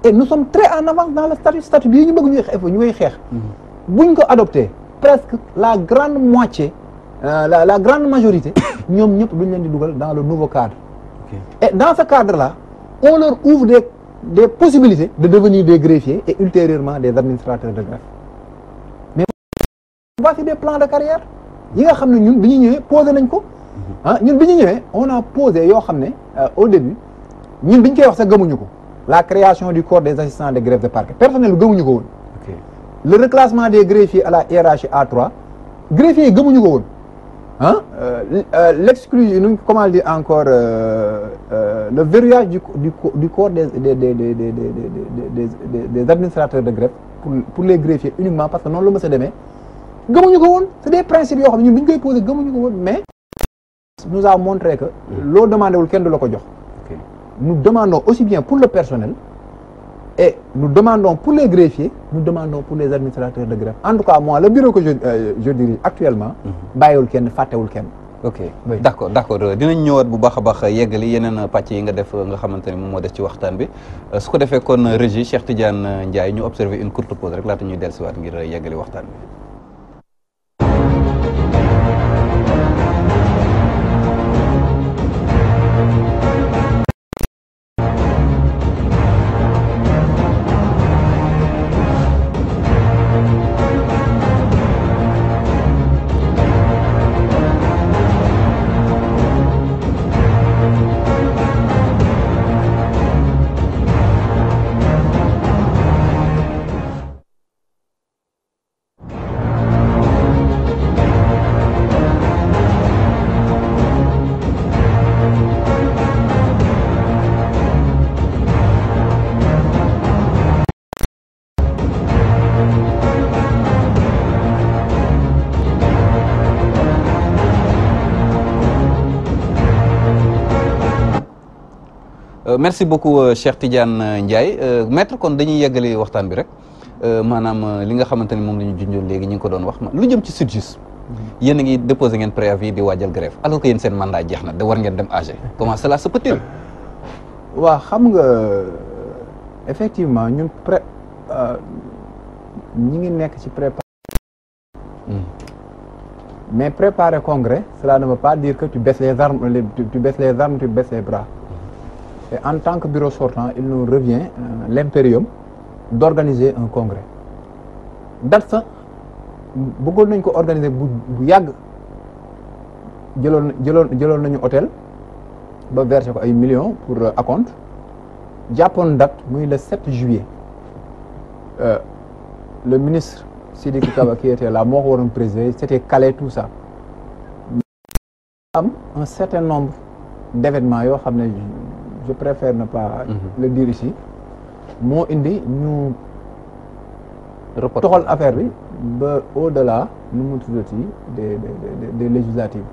et nous sommes très en avance dans le statut statut bii ñu bëgg ñuy xeex ñu koy xeex mm-hmm. buñ ko adopté presque la grande moitié euh, la, la grande majorité ñoom ñëpp duñ leen di dugal dans le nouveau cadre okay. et dans ce cadre là on leur ouvre des des possibilités de devenir des greffiers et ultérieurement des administrateurs de greffe mais voici des plans de carrière yi nga xam ne ñun bi ñu ñëwee posé nañ ko ah ñun bi ñu ñëwee on a posé yoo xam ne euh, au début ñun bi ñu koy wax sax gëmuñu ko la création du corps des assistants de greffe de parquet personnel bi gëmuñu ko woon le reclassement des greffiers à la hiérarchie A3 greffiers yi gëmuñu ko woon ah euh, euh, l'exclusion nu comment dire encore le verrouillage du du corps des des des des des des administrateurs de greffe pour pour les greffiers uniquement parce que noonu la ma sa demee gëmuñu ko woon c'est des principes yoo xam ne ñun bi ñu koy posé gëmuñu ko woon mais nous a montré que loo demandé wul kenn du la ko jox nous demandons aussi bien pour le personnel et nous demandons pour les greffiers nous demandons pour les de greffe en tout cas moi le bureau que je euh, je dirige actuellement mhm. bàyyiwul kenn fàttewul kenn ok oui. d' accord ñëwaat bu baax a baax yeggali yeneen pàcc yi nga def nga xamante ne moom moo des ci waxtaan bi euh, su ko defee kon régie Cheikh Tidiane Ndiaye ñu observer une courte ngir yeggali waxtaan bi merci beaucoup euh, Cheikh Tidiane euh, Ndiaye euh, maître kon dañuy yeggali waxtaan bi rek maanaam li nga xamante ni moom la ñu junjoon léegi ñu ngi ko doon wax lu jëm ci SYTJUST mm-hmm. yéen a ngi déposé ngeen préavis di waajal grève alors que yéen seen mandat jeex na da war ngeen dem AG comment cela se peut-il xam nga effectivement ñun pré ñu ngi nekk ci préparer mm. mais préparer congrès ne veut pas dire que tu baisses les armes tu baisses les Et en tant que bureau sortant, il nous revient euh, d'organiser un congrès. date sax bëggoon nañ ko organiser bu bu yàgg jëloon jëloon jëloon nañu hôtel ba versé ko ay millions pour euh, acompte jàppoon date muy le 7 juillet euh, le ministre Sidiki Kaba qui était là moo ko waroon présider c'était calé tout sax am un certain nombre d'événements yoo xam ne je préfère ne pas mhm. le dire ici moo indi ñu toxal affaire bi ba de la nu mu tuddati des des législatives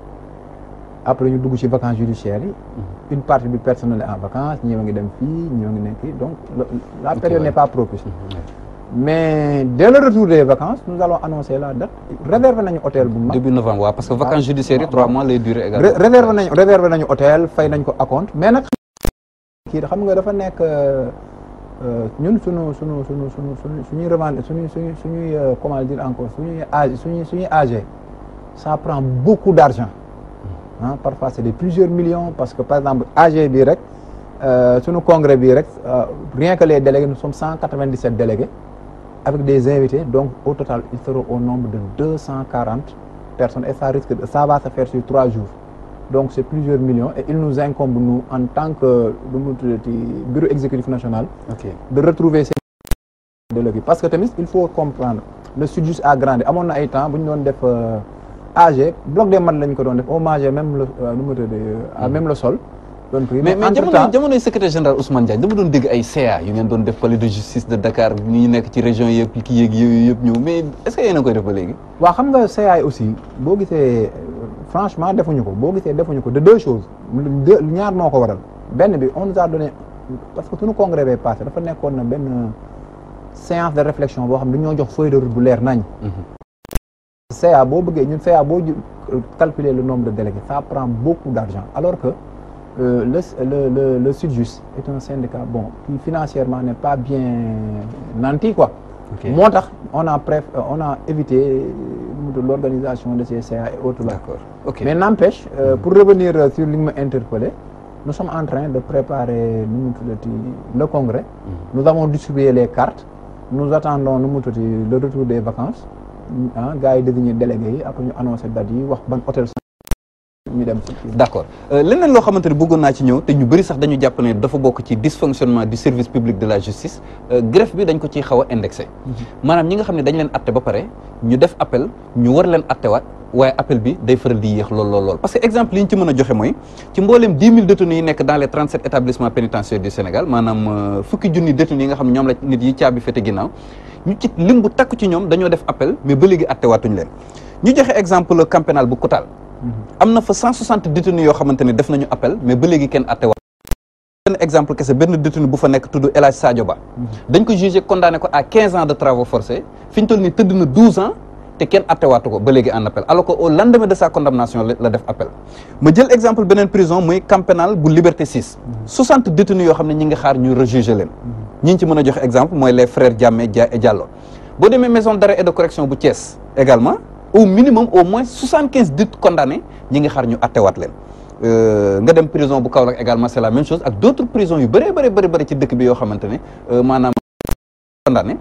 après ñu dugg ci vacances judiciaires yi mhm. une partie du personnel est en vacances ñëw a ngi dem fii ñëw a ngi nekk fii donc la période n'est pas propice mhm, mais dès le retour des vacances nous allons annoncer la date réservé nañu hôtel bu mag début novembre waaw parce que ah. vacances judiciaires yi trois mois lay durer également réservé nañu hôtel fay nañ ko acompte mais kii xam nga dafa nekk euh, ñun suñu suñu suñu suñu suñu suñuy revendre suñu suñu suñuy euh, comment dire encore suñuy âge suñu suñuy âgé ça prend beaucoup d' argent ah hmm. parfois c' est des plusieurs millions parce que par exemple âgé bii rek euh, nu congrès bi rek rien que les délégués nous sommes cent quatre vingt dix sept délégués avec des invités donc au total ils seront au nombre de cent quarante personnes et ça risque ça va sur trois jours donc c'est plusieurs millions et il nous incombe nous en tant que lu mu tuddati bureau exécutif national okay. de retrouver ces de parce que tamit il faut comprendre le SYTJUST a grandi amoon na ay temps bu ñu doon def euh, AG bloc ko doon def au manger même le lu euh, mu tuddati euh, mm. sol doon prix mais mais jamono jamonoy secrétaire général Ousmane Diagne dama doon dégg ay CA yu ngeen doon def palais de justice de Dakar ñu nekk ci région yëpp ki yéeg yooyu yëpp ñëw mais est-ce que yéen koy def ba léegi waaw xam nga CA yi aussi boo gisee franchement defuñu ko boo gisee defuñu ko de deux choses ñaar noo ko waral benn bi on nous a parce que suñu congrès bee passé dafa nekkoon na benn séance de réflexion boo xam ne ñoo jox feuille de route leer nañ mm-hmm. CA boo bëggee ñun CA boo calculer le nombre de délégués ça prend beaucoup d'argent alors que euh, le le le le Sudjus est un syndicat bon financièrement ne pas bien nanti quoi Okay. moo tax on a préf euh, on a évité euh, l'organisation de ces CA et autres là. mais n'empêche euh, hmm. pour revenir euh, sur li nga ma interpellé nous sommes en train de préparer nu mu tuddati le congrès hmm. nous avons distribué les cartes nous attendons nu mu tuddati le retour des vacances ga ah, gars yi désigné délégué yi après ñu annoncé date yi wax ban hôtel ñu dem d' euh, leneen loo xamante ne bëggoon naa ci ñëw te ñu bëri sax dañu jàpp ne dafa bokk ci dysfonctionnement du service public de la justice euh, greffe bi dañ ko ciy xaw a mhm. maanaam ñi nga xam ne dañ leen atte ba pare ñu def appel ñu war leen attewaat waaye appel bi day faral di yéex lool lool lool parce que exemple yi ñu mën a joxe mooy ci mbooleem 10 000 détenus yi nekk dans les 37 établissements pénitentiaires du Sénégal maanaam euh, fukki junni détenus yi nga xam ne ñoom la nit yi caabi ñoom dañoo def appel mais ba léegi attewaatuñ leen ñu exemple camp pénal bu am na fa 160 détenus yoo xamante ni def nañu appel mais ba léegi kenn attewa benn exemple kese benn détenu bu fa nekk tudd El Hadj Sadio Ba mhm. dañ ko jugé condamné ko à 15 ans de travaux forcés fi ñu toll tëdd na 12 ans te kenn attewaatu ko ba en appel alors que de sa condamnation la def appel ma jël exemple beneen prison muy camp bu Liberté 6 60 mhm. détenus yoo xam ne ñi ngi xaar ñu rejugé leen mhm. ñi ñu ci mën a joxe exemple mooy les frères Diamé Diallo boo demee maison d'arrêt et de correction bu Thiès également au minimum au moins soixante quinze dits condamnés ñi ngi xaar ñu attewaat leen euh, nga dem prison bu Kaolack également c'est la même chose ak d'autres prisons yu bëree bëri bëri bëri ci dëkk bi yoo xamante ne euh, maanaam condamné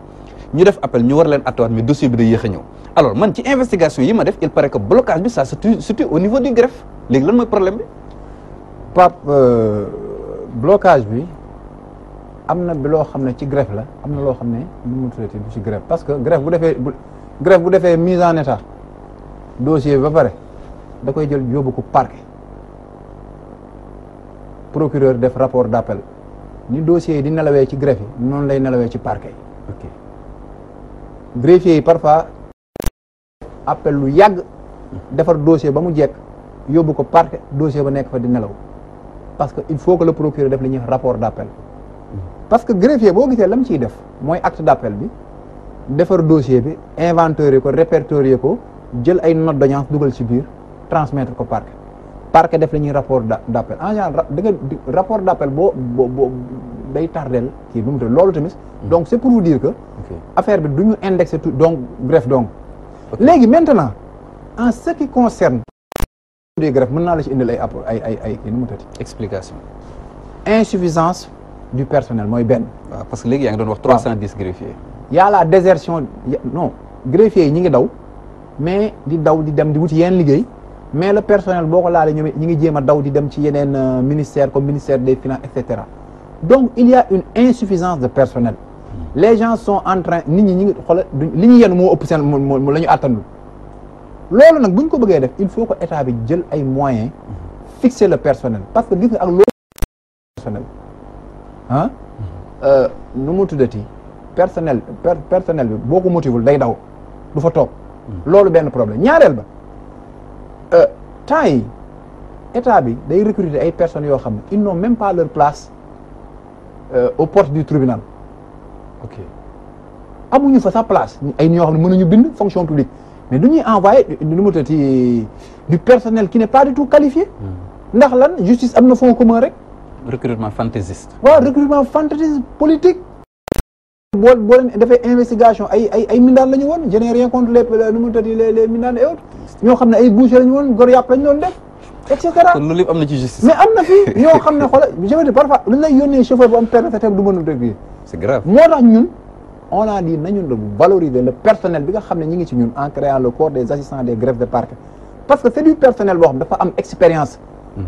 ñu def appel ñu war leen attewaat mais dossier bi day yéex a ñëw alors man ci investigation yi ma def il paraît que blocage bi ça se situe au niveau du greffe léegi lan mooy problème bi Pape euh, blocage bi am na bi loo xam ne ci greffe la am na loo xam ne nu mu tuddati parce que greffe bu defee greffe bu defee mise en état dossier ba pare da koy jël yóbbu ko parquet procureur def rapport d'appel ni dossier di nelawee ci greffe yi noonu lay nelawee ci parquet yi ok greffier yi parfois appel lu yàgg defar dossier ba mu jekk yóbbu ko parquet dossier ba nekk fa di nelaw parce que il faut que le procureur def li ñuy rapport d'appel mm-hmm. parce que greffier boo gisee lam ciy def mooy acte d'appel bi defar dossier bi inventorier ko répertorier ko jël ay note d'audience dugal ci biir transmettre ko parquet parquet def la ñuy rapport d'appel en général da nga rapport d'appel boo boo day tardel kii nu mu tudd loolu tamit hmm. donc c'est pour vous dire que affaire bi du ñu indexé tout donc greffe donc léegi maintenant en ce qui concerne des greffes mën naa la ci indil ay apport ay ay ay kii nu mu tudd explication insuffisance du personnel mooy benn ah, parce que léegi yaa ngi doon wax 310 cent y a la désertion non greffiers yi ñi ngi daw mais di daw di dem di wuti yenn liggéey mais la personnel boo ko laalee ñoom ñi ngi jéem a daw di dem ci yeneen euh, ministère comme ministère des finances et cetera donc il y a une insuffisance de personnel les gens sont en nit ñi ñi ngi xoola li ñu yenn moo ëpp seen moo la ñu àttanul loolu nag bu ñu ko bëggee def il faut que état bi jël ay moyen fixer le personnel parce que gis ak loolu personnel ah nu mu tuddati personnel personnel bi boo ko motivul day daw du fa toog loolu benn problème ñaareel ba euh, temps yi état bi day recruter ay personnes yoo xam ne ils n'ont même pas leur place euh, aux portes du tribunal ok amuñu fa sa place ay ñoo xam ne mënuñu bind fonction publique mais du ñuy envoyé nu mu tëddee du personnel ki n'est pas du tout qualifié. Hmm. ndax lan justice am na fond commun rek. recrutement fantaisiste. waaw recrutement fantaisiste politique. boo boo leen defee investigation ay ay ay mindaan la ñu woon je n'ai rien contre les nu mu tëddee les les ñoo xam ne ay boucher la woon gor yàpp la ñu et cetera. kon am na ci ñoo xam ne xoolal parfois lu ñu lay yónnee chauffeur bu am permis te du mën a déglu. c'est moo tax ñun. on a dit nañu le valoriser le personnel bi nga xam ne ñu ngi ci ñun en créant le corps des assistants des greffes de parquet parce que c'est du personnel boo xam dafa am expérience. Hmm.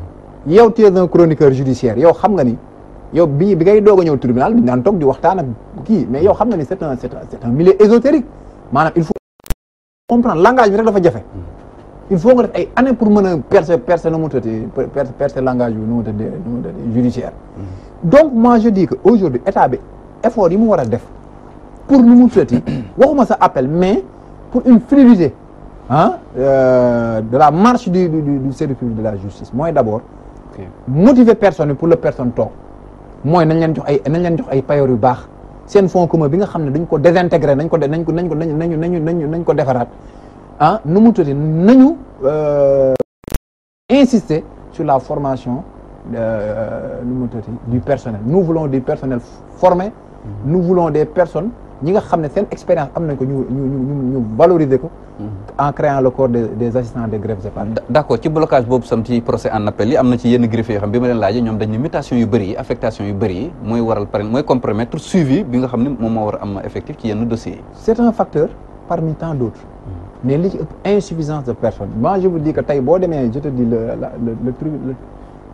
yow tu es un yow xam nga ni. yow bi bi ngay doog a ñëw tribunal bi daan toog di waxtaan ak kii mais yow xam na ni c'est un c'est un milieu ésotérique maanaam il faut comprendre langage bi rek dafa jafe il faut nga def ay années pour mën a percer percer nu mu tëddee percer langage bi nu mu tëddee nu mu tëddee mm-hmm. bi effort yi mu war a def pour nu mu tëddee waxuma sa appel mais pour une fluidité ah euh, de la marche du du du service de la justice mooy d'abord motiver personne pour le personne toog mooy nañ leen jox ay nañ leen jox ay payoor yu baax seen fonds commun bi nga xam ne dañ ko désintégré nañ ko nañ ko nañ ko nañ nañu nañu nañu nañ ko defaraat ah nu mu tuddee nañu euh, insister sur la formation euh, nu mu tuddee du personnel nous voulons du personnel formé mm-hmm. des personnes ñi nga xam ne seen expérience am nañ ko ñu ñu ñu ñu valoriser ko. Mhm. en créant le corps des des assistants de greffes épargne. d' accord ci blocage boobu sam ci procès en appel yi am na ci yenn greffe yoo xam bi ma leen laajee ñoom dañ ne mutation yu bëri yi affectation yu bëri yi mooy waral pare mooy compromettre suivi bi nga xam ne moom moo war a am effectif ci yenn dossiers yi. c' est un facteur parmi tant d' mhm. mais li ci ëpp insuffisance de personnes. boo demee je te dis le la le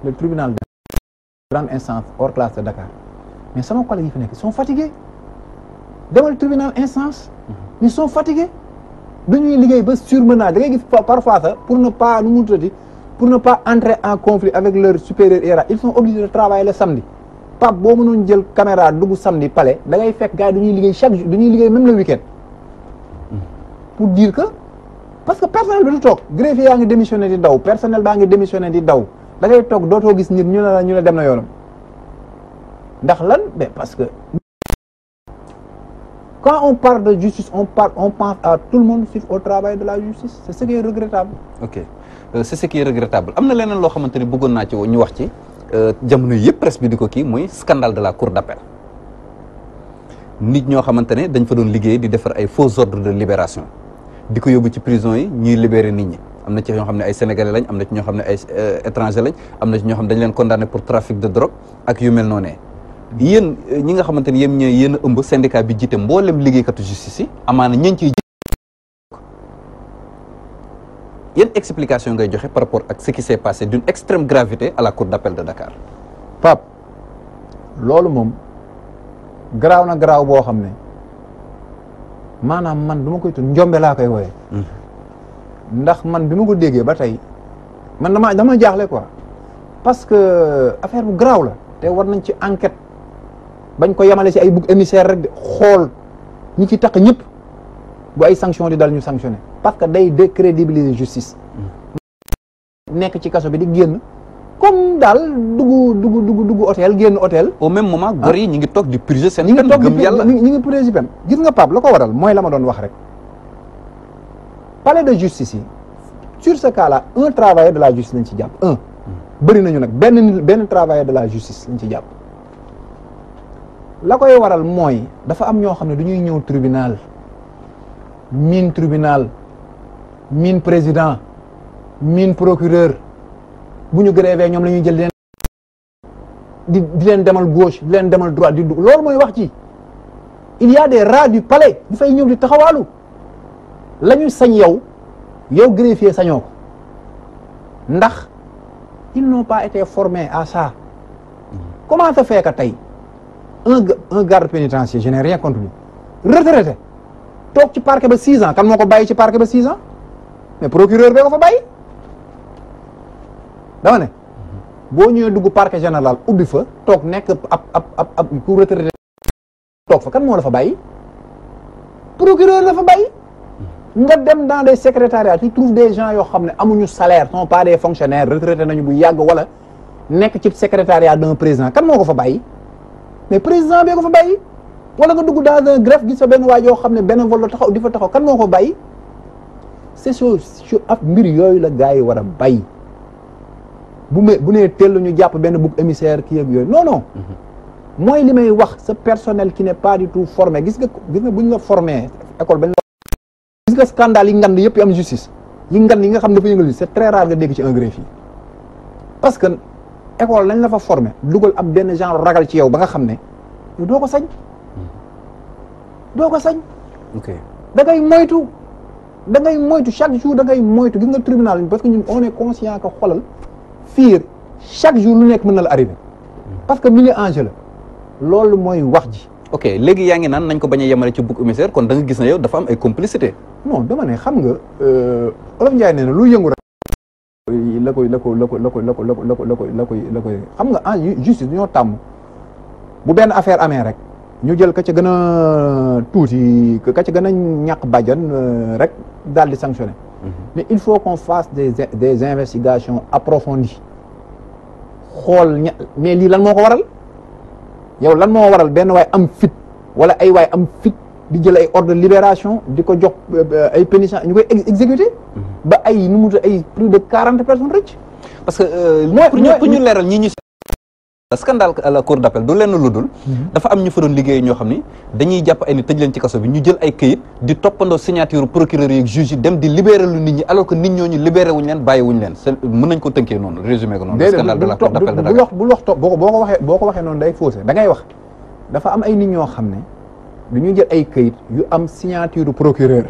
le le mais sama collègue yi fi nekk sont fatigués. demal tribunal instance ils sont fatigués ñuy liggéey ba surmenage da ngay gis parfois sax pour ne pas nu mu tuddati pour ne pas entrer en conflit avec leur supérieur hiérarchique ils sont obligés de travailler le samedi Pape boo mënoon jël caméra dugg samedi palais da ngay fekk gars yi dañuy liggéey chaque jour dañuy liggéey mem le week-end pour dire ka parce que personnel bi du toog greffier yaa ngi démissionné di daw personnel baa ngi démissionné di daw da toog dootoo gis nit ñu ne la ñu ne na yoonam ndax parce que Quand on parle de justice, on, parle, on pense le monde sauf au travail de la justice. C'est ce qui est regrettable. OK. Euh, c'est ce qui est regrettable. Am na leneen loo xamante ni bëggoon naa ci ñu wax ci euh, jamono yëpp presse bi di ko kii mooy scandale de la cour d'appel. nit ñoo xamante ne dañ fa doon liggéey di defar ay faux ordres de libération di ko yóbbu ci prison yi ñuy libérer nit ñi am na ci ñoo xam ne ay sénégalais lañ am na ci ñoo xam ne ay euh, étranger lañ am na ñoo xam ne dañ leen condamné pour trafic de drogue ak yu mel noonee yéen euh, ñi nga xamante ni yéen ñooy yéen a ëmb syndicat bi jiite mboolem liggéeykatu justice yi amaana ñeen ciy yan explication ngay joxe par rapport ak ce qui s'est passé d'une extrême gravité à la cour d'appel de Dakar Pape loolu moom garaaw na garaaw boo xam ne maanaam man du ma koy tudd njombe laa koy wooye hmm. ndax man bi ma ko déggee ba tey man dama dama jaaxle quoi parce que affaire bu garaaw la te war ci enquête bañ ko yemale si ay bouc émissaire rek de xool ñi ci tax ñëpp bu ay sanction di dal ñu sanctionné parce que day décrédibiliser justice nekk ci kaso bi di génn comme daal dugg dugg dugg dugg hôtel génn hôtel au même moment gor yi ah. ñi ngi toog di purger seen ñi ngi toog ñi ngi purger peine gis nga Pape la ko waral mooy la ma doon wax rek palais de justice yi sur ce cas là un travailleur de la justice lañ ci jàpp un hmm. bëri nañu nag benn benn travailleur de la justice lañ ci jàpp la koy waral mooy dafa am ñoo xam ne du ñuy ñëw tribunal miin tribunal miin président miin procureur bu ñu grévé ñoom la ñuy jël di di leen demal gauche di leen demal droite di dugg loolu mooy wax ci il y a des rats du palais ñu fay ñëw di taxawaalu la ñu sañ yow yow greffier sañoo ko ndax ils n'ont pas été formés à ça comment ça tey un un garde pénitentiaire je n'ai rien contre lui retraité toog ci parquet ba six ans kan moo ko bàyyi ci parquet ba six ans mais procureur bee ko fa bàyyi dama boo ñëwee dugg parquet général ubbi fa toog nekk ab ab ab ab ku retraité toog fa kan moo dafa fa bàyyi procureur la fa bàyyi nga dem dans des secrétariats tu trouves des gens yoo xam ne amuñu salaire sont pas des fonctionnaires retraité nañu bu yàgg wala nekk ci secrétariat d'un président kan moo ko fa bàyyi mais président bee ko fa bàyyi wala nga dugg dans un greffe gis fa benn waay yoo xam ne benn vol la taxaw di fa taxaw kan moo ko bàyyi c'est su ab mbir yooyu la gaa yi war a bàyyi bu me bu nee teel ñu jàpp benn bouc émissaire kii ak yooyu non non mm-hmm. mooy li may wax sa personnel ki ne pas du tout formé gis nga gis nga buñ la formé école bañ la gis nga scandale yi ngand yëpp yi am justice yi ngand yi nga xam ne dafa yëngal c'est très rare nga dégg ci un parce que école lañ la fa forme dugal ab benn genre ragal ci yow ba nga xam ne doo ko sañ doo ko sañ ok da ngay moytu da ngay moytu chaque jour da ngay moytu gis nga tribunal parce que ñun on est conscient que xoolal fiir chaque jour lu nekk mën na la arrivé parce que milieu en loolu mooy wax ji ok léegi yaa ngi naan nañ ko bañ a yemale ci bouc émissaire kon da nga gis na yow dafa am ay complicité non dama ne xam nga euh, Olof Ndiaye nee na lu yëngu la koy la koy la ko la ko la ko la ko la koy la koy la koy xam nga ah justice ñoo tàmm bu benn affaire amee rek ñu jël ka ca gën a tuuti ka ca gën a ñàkk bàjjan euh, rek daal di sanctionner mm-hmm. mais il faut qu'on fasse des des investigations approfondies xool ña mais lii lan moo ko waral yow lan moo waral benn waay am fit wala ay waay am fit di jël ay ordre libération di ko jox euh, euh, ay pénitentiaire ñu koy exécuté mhm. ba ay nu mu ay plus de quarante personnes rëcc. parce que euh, mooy pour ñu leeral ñi ñu. scandale la cour d'appel du lenn lu dul. Mhm. dafa am ñu fa doon liggéey ñoo xam ni dañuy jàpp ay ni tëj leen ci kaso bi ñu jël ay këyit di toppandoo signature procureur yi ak juge yi dem di libéré lu nit ñi alors que nit ñooñu libéré wuñ leen bàyyi wuñ leen mën nañ ko tënkee noonu résumé ko noonu. scandale de la cour d'appel bu wax boo am ay nit ñoo xam ne du ñu jël ay kayit yu am signature procureur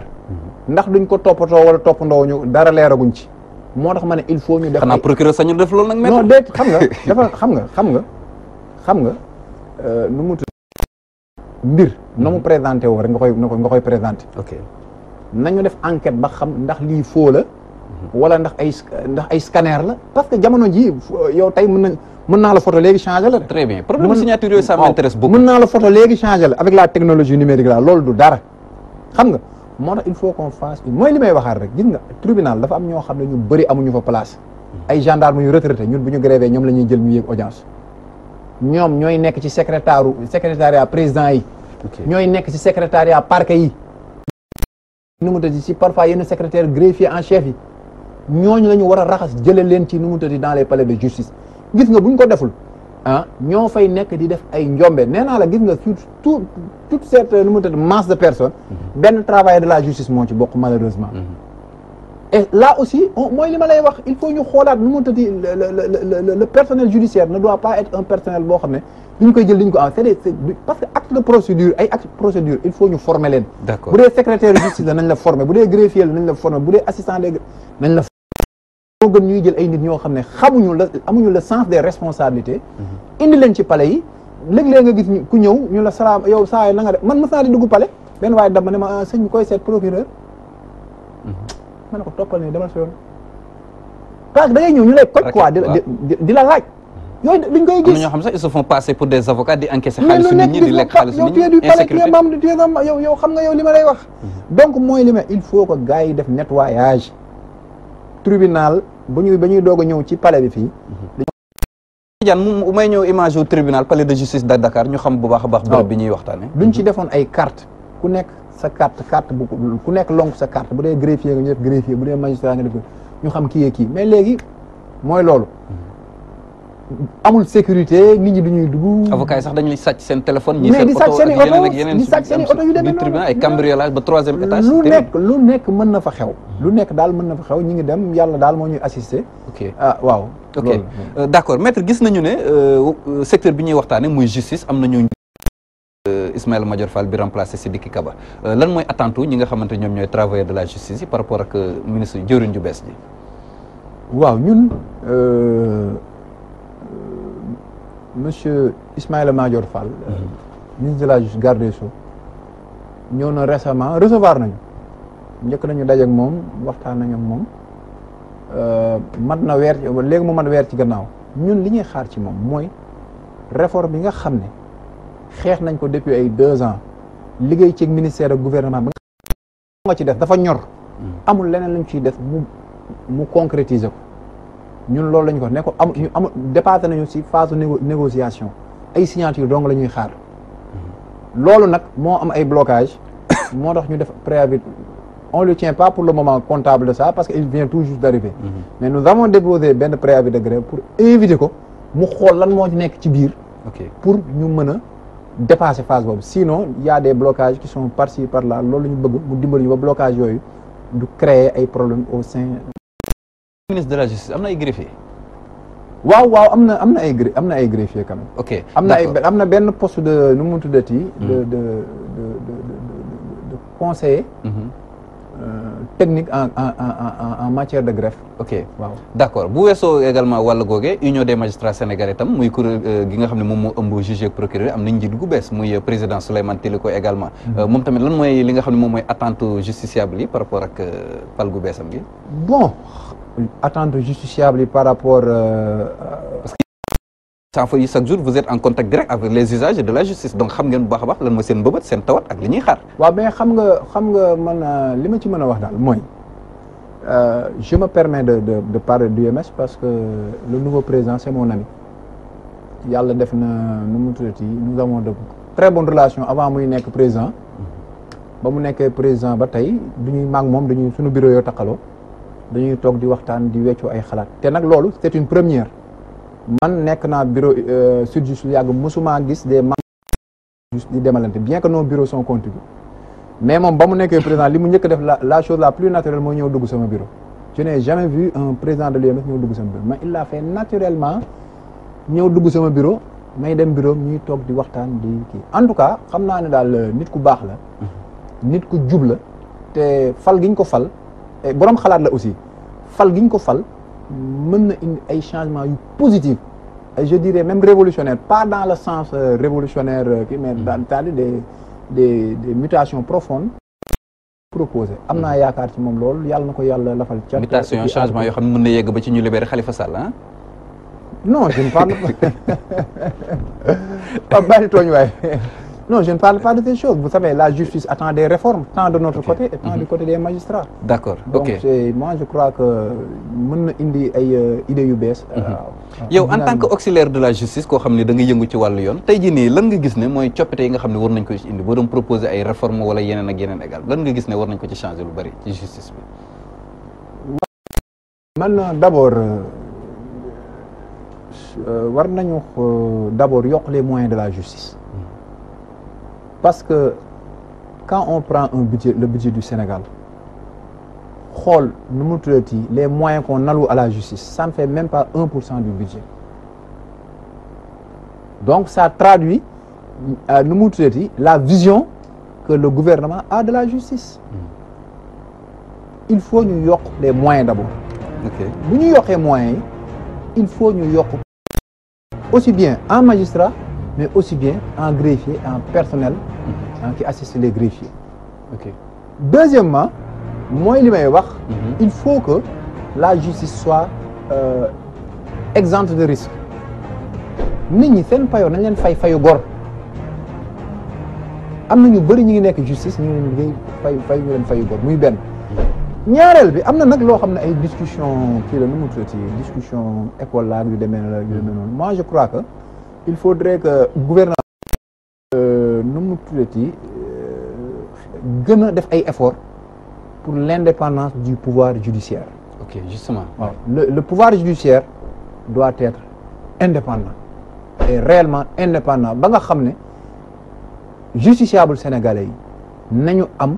ndax duñ ko toppatoo wala toppandoo ñu dara leeraguñ ci moo tax ma ne il faut ñu def xanaa procureur sañu def loolu nag non déet xam nga dafa xam nga xam nga xam nga euh, nu mu tudd mbir na mu mhm. présenter woo rek nga koy nga koy présenté ok nañu def enquête ba xam ndax lii faux la mhm. wala ndax ay ndax ay scanner la parce que jamono ji yow tey mën nañ mën naa la photo léegi changé la très bien problème de signature yooyu ça m'intéresse beaucoup mën naa la photo léegi changé la avec la technologie numérique la loolu du dara xam nga moo tax il faut qu'on fasse mooy li may waxaat rek gis nga tribunal dafa am ñoo xam ne ñu bëri amuñu fa place ay gendarme yu retraité ñun bu ñu grévé ñoom la ñuy jël ñu yéeg audience ñoom ñooy nekk ci secrétaire secrétariat président yi ñooy nekk ci secrétariat parquet yi nu mu tëddi ci parfois yenn secrétaire greffier en chef yi ñooñu la ñu war a raxas jële leen ci nu mu tëddi dans les palais de justice gis nga bu ñu ko deful ah ñoo fay nekk di def ay njombe nee naa la gis nga sur tout toute cette nu mu tudd masse de personnes mhm. benn travailleur de la justice moo ci bokk malheureusement mhm. et là aussi mooy li ma lay wax il faut ñu xoolaat nu mu tudd le personnel judiciaire ne doit pas être un personnel boo xam ne duñ koy jël liñ ko am ah, c'est parce que acte de procédure ay acte procédure il faut ñu former leen bu dee secrétaire justice la nañ la former bu dee greffier moo gën ñuy jël ay nit ñoo xam ne xamuñu la amuñu le sens des responsabilités. Mhm. indi leen ci pale yi léeg-léeg nga gis ku ñëw ñu la salaam yow saa yi na nga man mës naa di dugg palais benn waaye dama ne ma ah, sëñ bi koy seet procureur. Mhm. ma ne ko toppal nii demal sa yoon. parce que da ngay ñëw ñu lay koj quoi di la di la laaj. yooyu dañ koy gis ñoo xam sax ils se font passer pour des avocats di encaisser xaalisu nit ñi di lekk xaalisu du palais yow xam nga yow li ma lay wax mhm. donc mooy li ma il faut que gars yi def nettoyage tribunal ba ñuy ba ñuy doog a ñëw ci pale bi fii. Tidiane mu may ñëw image au tribunal palais de justice de Dakar ñu xam bu baax a baax. bërëb bi ñuy waxtaanee. duñ ci defoon ay carte ku nekk sa carte carte bu ku nekk lonk sa carte bu dee greffier nga ñu def greffier bu dee magistrat nga def ñu xam kii yee kii mais léegi mooy loolu. amul sécurité nit ñi ñuy dugg. avocat yi sax dañuy sàcc seen téléphone. ñi seen oto yeneen ak yeneen di sàcc seen i oto yu demee ay cambriolage ba troisième étage. lu nekk nekk mën na fa xew. lu nekk daal mën na fa xew ñi ngi dem yàlla daal moo ñuy assister. ok ah, waaw. ok euh, d'accord maître gis nañu ne euh, euh, secteur bi ñuy waxtaanee muy justice am nañu. Ismaïla Madior Fall bi remplacé Sidiki Kaba lan mooy attente ñi nga xamante ñoom ñooy travailleurs de la justice yi par rapport ak ministre jëwriñ ju bees ji. ñun. monsieur Ismaïla Madior Fall. Euh, mhm. ministre de la justice garde des sceaux ñëw na récemment recevoir nañu njëkk nañu daje moom waxtaan nañu ak moom euh, mat na weer léegi mu mat weer ci gannaaw ñun li ñuy xaar ci moom mooy reform bi nga xam ne xeex nañ ko depuis ay deux ans liggéey ci ministère ak gouvernement ba nga ci def dafa ñor mhm. amul leneen lañ ciy def mu mu concrétiser ko ñun loolu lañ ko ne ko am ñu amul dépassé nañu si phase négociation ay signature donc la ñuy xaar loolu nag moo am ay blocage moo tax ñu def préavis on le tient pas pour le moment comptable de ça parce que il vient tout juste d'arriver mm -hmm. mais nous avons déposé benn préavis de grève pour inviter ko mu xool lan moo ci nekk ci biir pour ñu mën a dépasser phase boobu sinon il y a des blocages qui sont par par là loolu la ñu bëgg mu dimbali ñu ba blocage yooyu du créer ay problèmes au sein ministre de la justice am na ay waaw waaw am na am ay gré am na ay greffier quand même. ok am na ay am na benn poste de nu mu tuddati. de hmm. de de de conseiller. Mhm. Euh, technique en en en en matière de greffe. ok waaw d' accord bu weesoo également wàll googe union de magistrats sénégalais tam muy kure euh, gi nga xam ne moom moo ëmb juge ak procureur am na njiit gu bees muy euh, président Souleymane Téliko également. Hmm. moom tamit lan mooy li nga xam ne moom mooy attente justiciable yi par rapport ak pal gu beesam gi. attentes justiciables yi par rapport. Euh, euh parce que saa fa yi chaque jour vous êtes en contact direct avec les usagers de la justice donc xam ngeen bu baax a baax lan mooy seen mbëbët seen tawat ak li ñuy xaar. waaw mais xam nga xam nga man euh, li ma ci mën a wax daal mooy euh, je me permets de de de parler UMS parce que le nouveau président c'est mon ami yàlla def na nu mu tuddati nous avons de très bonnes relations avant muy nekk président mm-hmm. ba mu nekkee président ba tey du ñuy maag moom du ñuy suñu yoo taqaloo. dañuy toog di waxtaan di weccoo ay xalaat te nag loolu c'est une première man nekk naa bureau euh, sud juste lu yàgg mosuma gis des membres di demalante bien que nos bureaux son contigus mais moom ba mu nekkee président li mu njëkk def la la chose la plus naturelle mooy ñëw dugg sama bureau je n'ai jamais vu un président de l'UMS ñëw dugg sama bureau mais il l'a naturellement ñëw dugg sama bureau may dem bureau ñuy toog di waxtaan di kii en tout cas xam naa ne daal euh, nit ku baax la mm-hmm. nit ku jub la te fal giñ ko fal borom xalaat la aussi fal gi ñu ko fal mën na indi ay changements yu positifs et je même révolutionnaire pas dans le sens euh, révolutionnaire kii euh, mais dans des de des mutations profondes. proposé am naa yaakaar ci moom loolu yàlla na ko yàlla lafal cat. mutation changement yoo xam ne mën na yegg ba ci ñu libéré Khalifa Sall ah. non je ne Non, je ne parle pas de ces choses. Vous savez, la justice attend des réformes, tant de notre côté et mhm. des magistrats. D'accord. Donc, okay. moi, je crois que mën na indi ay euh, idées yu bees. Mhm. Euh, yow en tant que auxiliaire de la justice koo xam ne dangay yëngu ci wàllu yoon tey jii nii lan nga gis ne mooy coppite yi nga xam ne war nañ ko ci indi boo doon proposer ay réformes wala yeneen ak yeneen égal lan nga gis ne war nañ ko ci changer lu bari ci justice bi. man euh, war nañu d'abord yokk les moyens de la justice. parce que quand on prend un budget le budget du Sénégal xool nu mu tuddati les moyens qu'on alloue à la justice ça ne fait même pas un pour cent du budget donc ça traduit euh, nu mu tuddati la vision que le gouvernement a de la justice il faut ñu yokk les moyens d'abord bu ñu yokkee moyens yi il faut ñu yokk aussi bien en magistrat mais aussi bien en greffier en personnel hein, qui assiste les greffiers. ok deuxièmement mooy li may wax. Mhm. il faut que la justice soit euh, exempte de risque nit ñi seen payoor nañ leen fay fayu gor am na ñu bëri ñu ngi nekk justice ñu ngi leen fay fay ñu leen fayu gor muy benn. ñaareel bi am na nag loo xam ne ay discussion kii la nu mu tuddati discussion école la yu demee la yu demee noonu moi je crois que. il faudrait que gouvernement euh, nu mu tuddati euh, gën a def ay efforts pour l'indépendance du pouvoir judiciaire. ok justement. waaw le le pouvoir judiciaire doit être indépendant et réellement indépendant ba nga xam ne justiciable sénégalais yi nañu am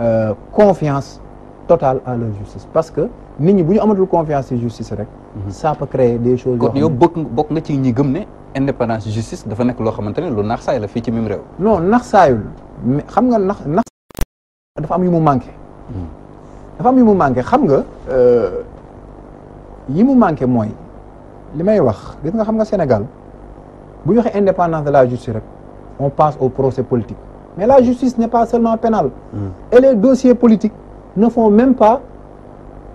euh, confiance totale à leur justice parce que nit ñi bu ñu amatul confiance ci justice rek. Mhm. ça peut créer des choses. yoo xam ne bokk nga ci ñi gëm ne. indépendance justice dafa nekk loo xamante ne lu naax saay la fii ci mim réew. non naax xam nga nax nax dafa am yu mu manqué. Hmm. dafa am yi mu manqué xam nga. Euh, yi mu manqué mooy li may wax gis nga xam nga Sénégal bu ñu waxee indépendance de la justice rek on passe au procès politique mais la justice n'est pas seulement pénale. Hmm. et les dossiers politiques ne font même pas.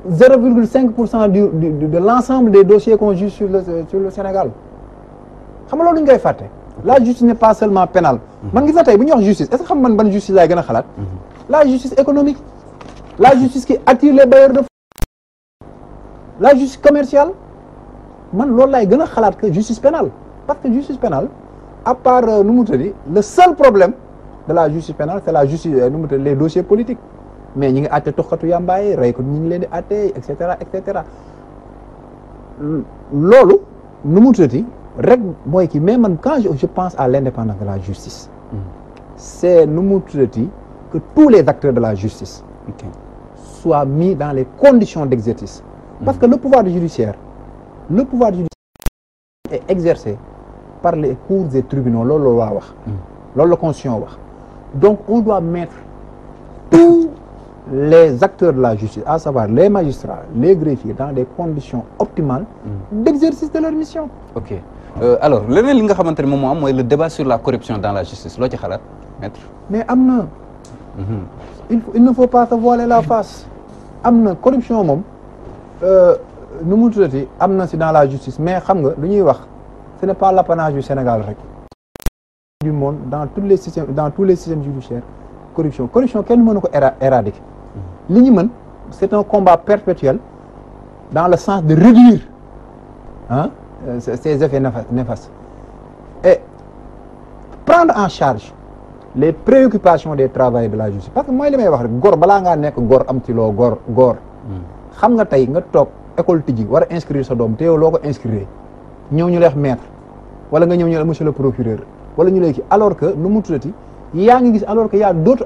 0,5 pour cent de l'ensemble des dossiers qu'on juge sur le, sur le Sénégal. xam nga loolu ñu koy fàtte la justice n'est pas seulement pénale mhm. man gis na tey bu ñuy wax justice est-ce que xam man ban justice laay gën xalaat mhm. la justice économique la justice qui attire le bailleurs de la justice commerciale man loolu laay gën a xalaat que justice pénale parce que justice pénale à part euh, nu mu tëddi le seul problème de la justice pénale c'est la justice euh, nu mu le les dossiers politiques mais ñi ngi àtte tuxkatu yàmbaay rey ko ñi ngi leen di àtte et cetera et cetera loolu nu mu rek mooy ki mais man quand je pense à l'indépendance de la justice mm. c'est nu mu tuddati que tous les acteurs de la justice okay. soient mis dans les conditions d'exercice parce mm. que le pouvoir judiciaire le pouvoir judiciaire est exercé par les cours et tribunaux loolu hmm. la wax donc on doit mettre tous les acteurs de la justice à savoir les magistrats les greffiers dans des conditions optimales hmm. d'exercice de leur mission Euh, alors leneen li nga xamante ne moom moo am mooy le débat sur la corruption dans la justice loo ci xalaat maître. mais am na. Mhm. il il ne faut pas se voiler la face. am na corruption moom euh, nu mu tuddati am na si dans la justice mais xam nga lu ñuy wax ce n'est pas l'apanage du Sénégal rek. du monde dans tous les systèmes dans tous les systèmes judiciaires corruption corruption kenn mënu ko éradiquer. Mhm. li ñu mën c'est un combat perpétuel dans le sens de réduire ces effets néfastes et prendre en charge les préoccupations des travailleurs de la justice parce que mooy li may wax rek góor balaa ngaa nekk gor am ci loo góor góor hmm. xam nga tey nga toog école tijji war a inscrire sa doom te yow loo ko inscrire ñëw ñu leex maître wala nga ñëw ñu leex monsieur le procureur wala ñu lay alors que nu mu tuddati yaa ngi gis alors que y a d'autres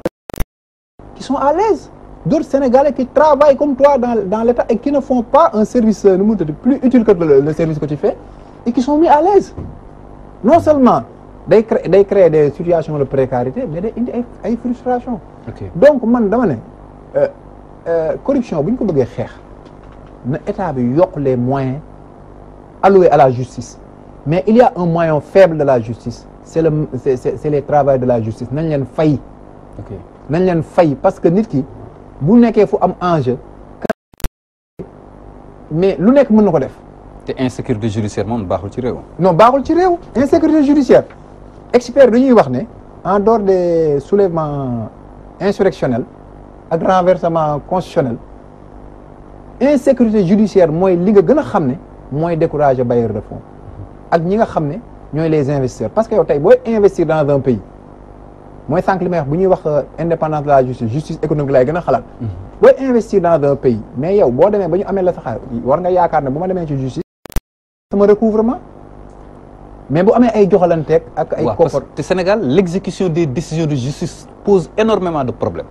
qui sont à l'aise d'autres Sénégalais qui travaillent comme toi dans, dans l'État et qui ne font pas un service euh, plus utile que le, le service que tu fais et qui sont mis à l'aise. Non seulement day créer day créer des situations de précarité mais day indi ay ay frustration donc man dama ne euh, euh, corruption bu ñu ko bëggee xeex na état bi yokk les moyens alloués à la justice mais il y a un moyen faible de la justice c'est le c'est les travailleurs de la justice nañ leen fay nañ leen fay parce que nit ki bu nekkee fu am enjeu mais lu nekk mën na ko def. te insécurité judiciaire moom baaxul ci réew. non baaxul ci réew insécurité judiciaire expert dañuy wax ne en dehors de soulèvements insurrectionnels ak renversement constitutionnel insécurité judiciaire mooy li nga gën a xam ne mooy décourager bailleur de fonds ak ñi nga xam ne ñooy les investisseurs parce que yow tey booy investir dans un pays. mooy sànq li may wax bu ñuy wax euh, indépendance de la justice justice économique lay gën a xalaat. Mm-hmm. booy investir dans un pays mais yow boo demee ba ñu amee la saxaar war nga yaakaar ne bu ma demee ci justice. sama recouvrement. mais bu amee ay joxalanteeg ak ay. koppar te Sénégal l' exécution des décisions de justice pose énormément de problème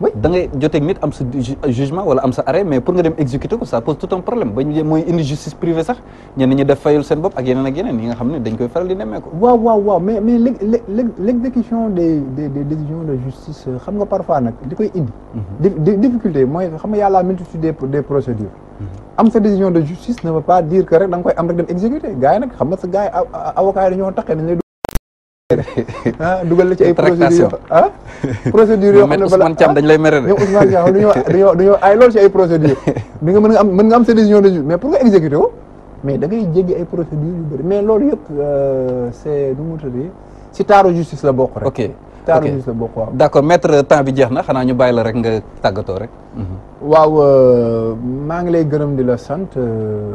oui da ngay joteeg nit am sa jugement wala am sa arrêt mais pour nga dem exécuter ko ça pose tout un problème ba mooy indi justice privée sax ñenn ñi def fayul seen bopp ak yeneen ak yeneen yi nga xam ne dañ koy faral di nemmee waaw waaw waaw mais mais l'exécution des des des décisions de justice euh, xam nga parfois nag li koy indi mhm. difficulté mooy xam nga multitude des des mhm. am sa décision de justice ne pas dire que rek da koy am rek dem exécuter gars yi nag ah dugal la ci ay procédures ah procédures yoo xam ne Ousmane Thiam dañ lay mere de ñoom Ousmane Thiam nga mën nga am mën nga am sa décision de juge mais da ngay jéggi ay procédures yu mais loolu yëpp euh, c' est nu mu si taaru justice la bokk rek. ok taaru justice la bokk temps bi jeex na xanaa ñu bàyyi la rek nga tàggatoo rek. Mhm. waaw euh, maa ngi lay gërëm di la sant euh,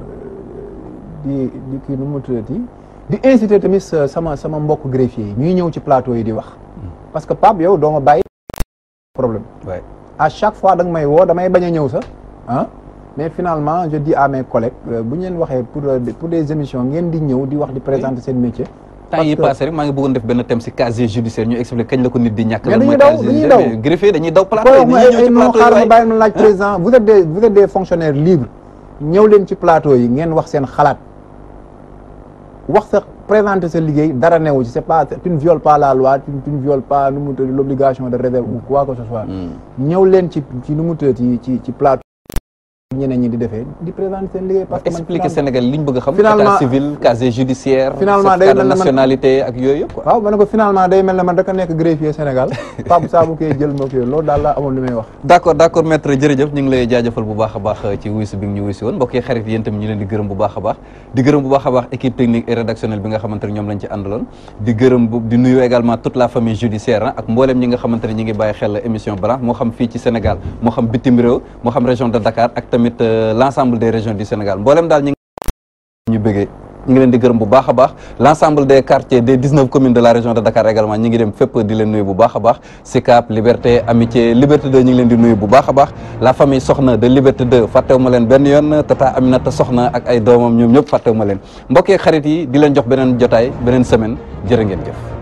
di di kii nu mu di inciter tamit sama sama mbokk greffier yi ñuy ñëw ci plateau yi di wax parce que Pape yow doo ma bàyyi problème à chaque fois da nga may woo damay bañ a ñëw sax ah mais finalement je dis à mes collègues euh, bu ñu waxee pour euh, pour des émissions ngeen di ñëw di wax di présenter seen métier temps yi passé rek maa ngi bëggoon def benn thème si casier judiciaire ñu expliqué kañ la ko nit di ñàkk lan mooy casier judiciaire greffier dañuy daw plateau non xaaral ma bàyyi ma laaj président vous êtes des vous êtes des fonctionnaires libres ñëw leen ci plateau yi ngeen wax seen xalaat wax sa présenter sa liggéey dara newu ci c'est pas tu ne pas la loi tu ne pas nu l'obligation de réserve quoi que ce soit. Hmm. ñëw leen ci ci ci plateau. ñeneen ñi di defee expliquer Sénégal li ñu xam état ma day mel ne man rek nekk greffier Sénégal Pape Sabou koy jël moo koy loolu daal laa amoon li may wax d' accord jërëjëf ñu ngi lay bu baax a baax ci wuysu bi ñu wuysi woon mbokk xarit yéen ñu leen di gërëm bu baax a baax équipe technique et rédactionnelle bi nga xamante ñoom lañ ci àndaloon di nuyu également toute la famille judiciaire ak mbooleem ñi nga xamante ne ngi bàyyi tamit euh, l'ensemble des régions du Sénégal mboolem daal ñi ñu bëggee ñu ngi leen di gërëm bu baax a baax l'ensemble des quartiers des 19 communes de la région de Dakar également ñi ngi dem fépp di leen nuyu bu baax a baax Sicap Liberté Amitié Liberté 2 ñi ngi leen di nuyu bu baax a baax la famille Soxna de Liberté 2 fàttewuma leen benn yoon tata Aminata Soxna ak ay doomam ñoom ñëpp fàttewuma leen mbokk yi xarit yi di leen jox beneen jotaay beneen semaine jërë ngeen jëf